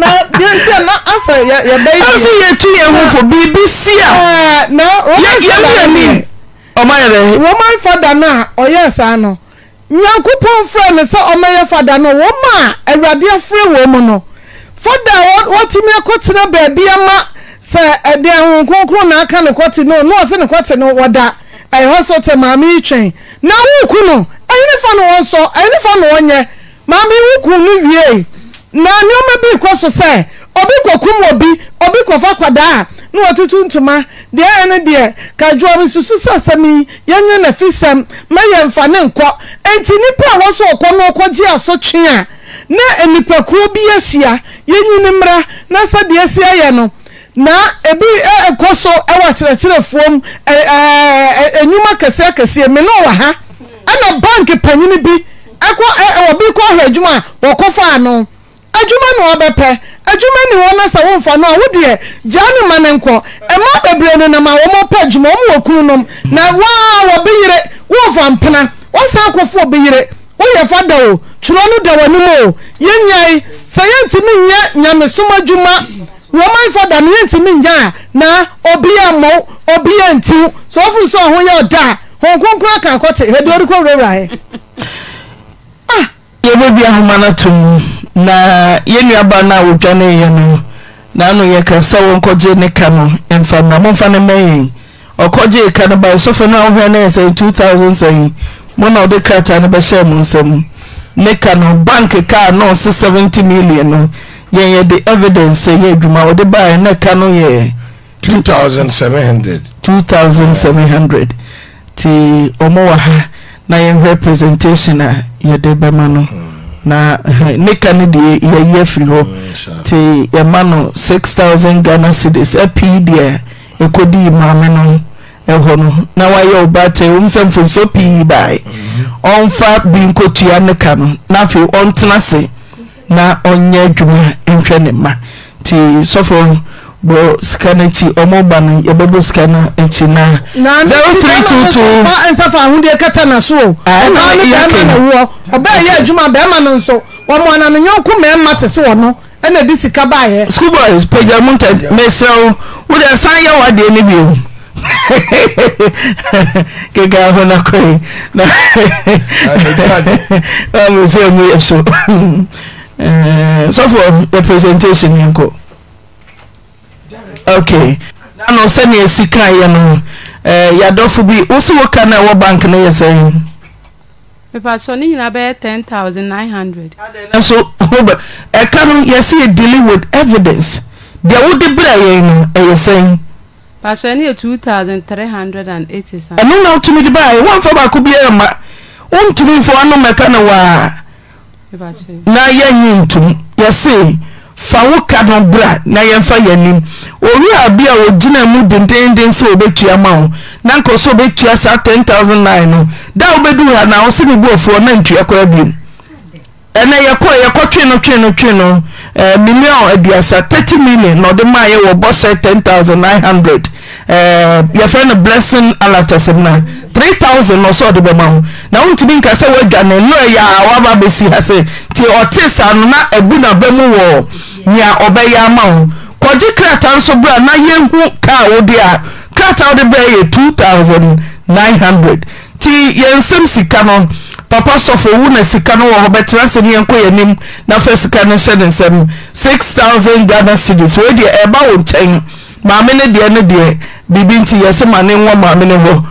ɛsɛ yɛtu na ho fo biribi si a ɔma yɛ roman fada no a ɔyɛ saa no nyankopɔn frɛ no sɛ ɔmɛyɛ fada no wɔma a awurade afrɛ wɔ mu no fada a wɔtumi akɔtena baabi ama sɛ na aka ne kɔte no na ɔse ne kɔte no wɔda ɛyɛ hɔ sɛ maame yi twɛn na woku no ɛyɛ no maame no wie na nneɛma bi kɔ so sɛ obi kɔkum obi obi kɔfa akwadaa na wɔtutu ntoma deɛ ɛyɛ no deɛ susu na sɛm yɛ mfa ne nkɔ nipa a wɔsɔ ɔkɔ no ɔkɔgye aso na nipakuo bi ahyia yɛnyi ne na sɛdeɛ si ayɛ no na ebi ɛkɔ e, e, so ɛwɔ e, akyerɛkyerɛfoɔ m anwuma kɛseɛ kɛseɛ me ne ɔwɔ ha ɛna banki panyine bi wɔbi kɔ hɛ adwuma a wɔkɔfaa no adwuma ne wɔbɛpɛ adwuma ne wɔ no sɛ womfa no a wodeɛ gyaa ne ma ne nkɔ a wɔmɔpɛ adwuma ɔma wɔkunu nom na waa wɔbɛyere womfa mpena wɔsan akɔfo fa da o twerɛ no da o wọ́n máa ń fọ dàmí yẹn ti na obi yẹn mọ obi yẹn ti wù ọhụrụ sọ ọ̀hún yẹn ọ̀dà ọ̀hún kúnkún àkàkọ́ tẹ̀ ẹ̀dí orí kò ẹ̀. na to mu na yẹn nuaba na awudwa ne mfa na ọkọgye ka báyìí sọfún náà ọhún ẹsẹ two thousand sẹyìn krataa kaa seventy million yɛn yɛ de evidence yɛ adwuma wɔde baa yɛn ɛka no yɛ. two thousand seven hundred. two thousand seven hundred ti ɔmo wɔ ha na yɛn hwɛ presentation a yɛde bɛma no. Mm. na eh, nika no deɛ yɛyi afiri hɔ nti mm, yɛma no six thousand ghana cedis apii deɛ ɛkɔdii maame no ɛhɔ no na wayɛ ɔbaata wɔm sɛ mfomso pii bae ɔmfa mm-hmm. bi nkotua nika no na afei ɔntena se na ɔnyɛ adwuma nhwɛ ne mma nti sɔfo bɔ sika no akyi ɔmo ba no yɛbɛbɔ sika no na zero three two two. fa nsafa ahundeɛ kata na so o ah, ɔbaa ne bɛrima na woɔ ɔbaa yɛ adwuma bɛrima no nso wɔn mo anano nyɔnko mɛrima te se wɔ no ɛna bi sika baayɛ. school boys pagya mu ntɛ mesrɛw wode san yɛ wadeɛ no bio keke aho na kɔi na ɔmo sɛ ɔmo yɛ so. Eh, sɔfo the presentation yɛn kɔ okay nanu sɛnea sika yɛ no yadɔfo bi wosi wo ka na ɛwɔ bank no yɛ sɛn. mipatso ne nyinaa bɛyɛ ten thousand nine hundred. nso hoba ɛka no yɛsi yɛ dealing with evidence deɛ wode bira yɛn no ɛyɛ sɛn. patso two thousand three hundred and eighty seven. ɛnu na otumi di baa yi wɔn afɔ baako bi ma wɔn ntumi nfɔ anum ɛka na waa na yɛnyi ntom yɛse fa wo ka no bra na yɛmfa yɛanim owura bi a wɔgyina mu dendenden sɛ wobɛtua ma wo na nkɔ sɛ wobɛtua saa 10009 no da wobɛduru ha na wo se ne buafoɔ na ntua koraa biom ɛnɛ yɛkɔ yɛkɔ twe no twe no twe no ɛɛ million aduasa thirty million na ɔde maa yɛ wɔ bɔsɛ ten thousand nine hundred ɛɛ yɛfrɛ no blessing alatasem na three thousand na ọsọ ọdị ma ho na ntumi nka sị wadwa na nnọọ ya a waba besi ha sị tị ọtị saa no na ebu n'aba mu wọ nea ọbɛyɛ ama ho kɔgye krataa nso bra na yɛnhu kaa wodi a krataa wodi bra yɛ two thousand nine hundred ti yɛn nsɛm sika no papa sɔfo wu na sika no wɔ hɔ bɛtena sɛ ne yɛnkɔ yɛn anim na fɛ sika no hyɛ ne nsam six thousand ghana cedis wei deɛ ɛba wo nkyɛn maame ne deɛ ne deɛ biribi nti yɛsɛ ma ne maame ne hɔ.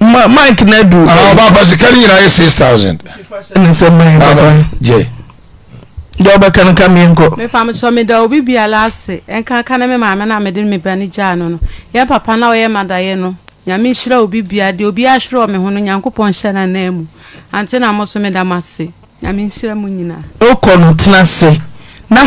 ma mike na du. àwọn ah, ọba abasikari nyinaa yẹ six thousand. ẹni sẹ mẹyin bàbá jẹ. jẹ ọbẹ kankan mi nkọ. mipam sọ mi da obi bi ala ase nkankan mi maame na mi de mi ba ni gya ano no papa na ọyẹ madaye no nyame nhyira obi bia deɛ obi ahyerɛ ɔme ho no nyankopɔn hyɛ no anan mu ante na mo so meda m ase nyame nhyira mu nyinaa wokɔ no tena ase na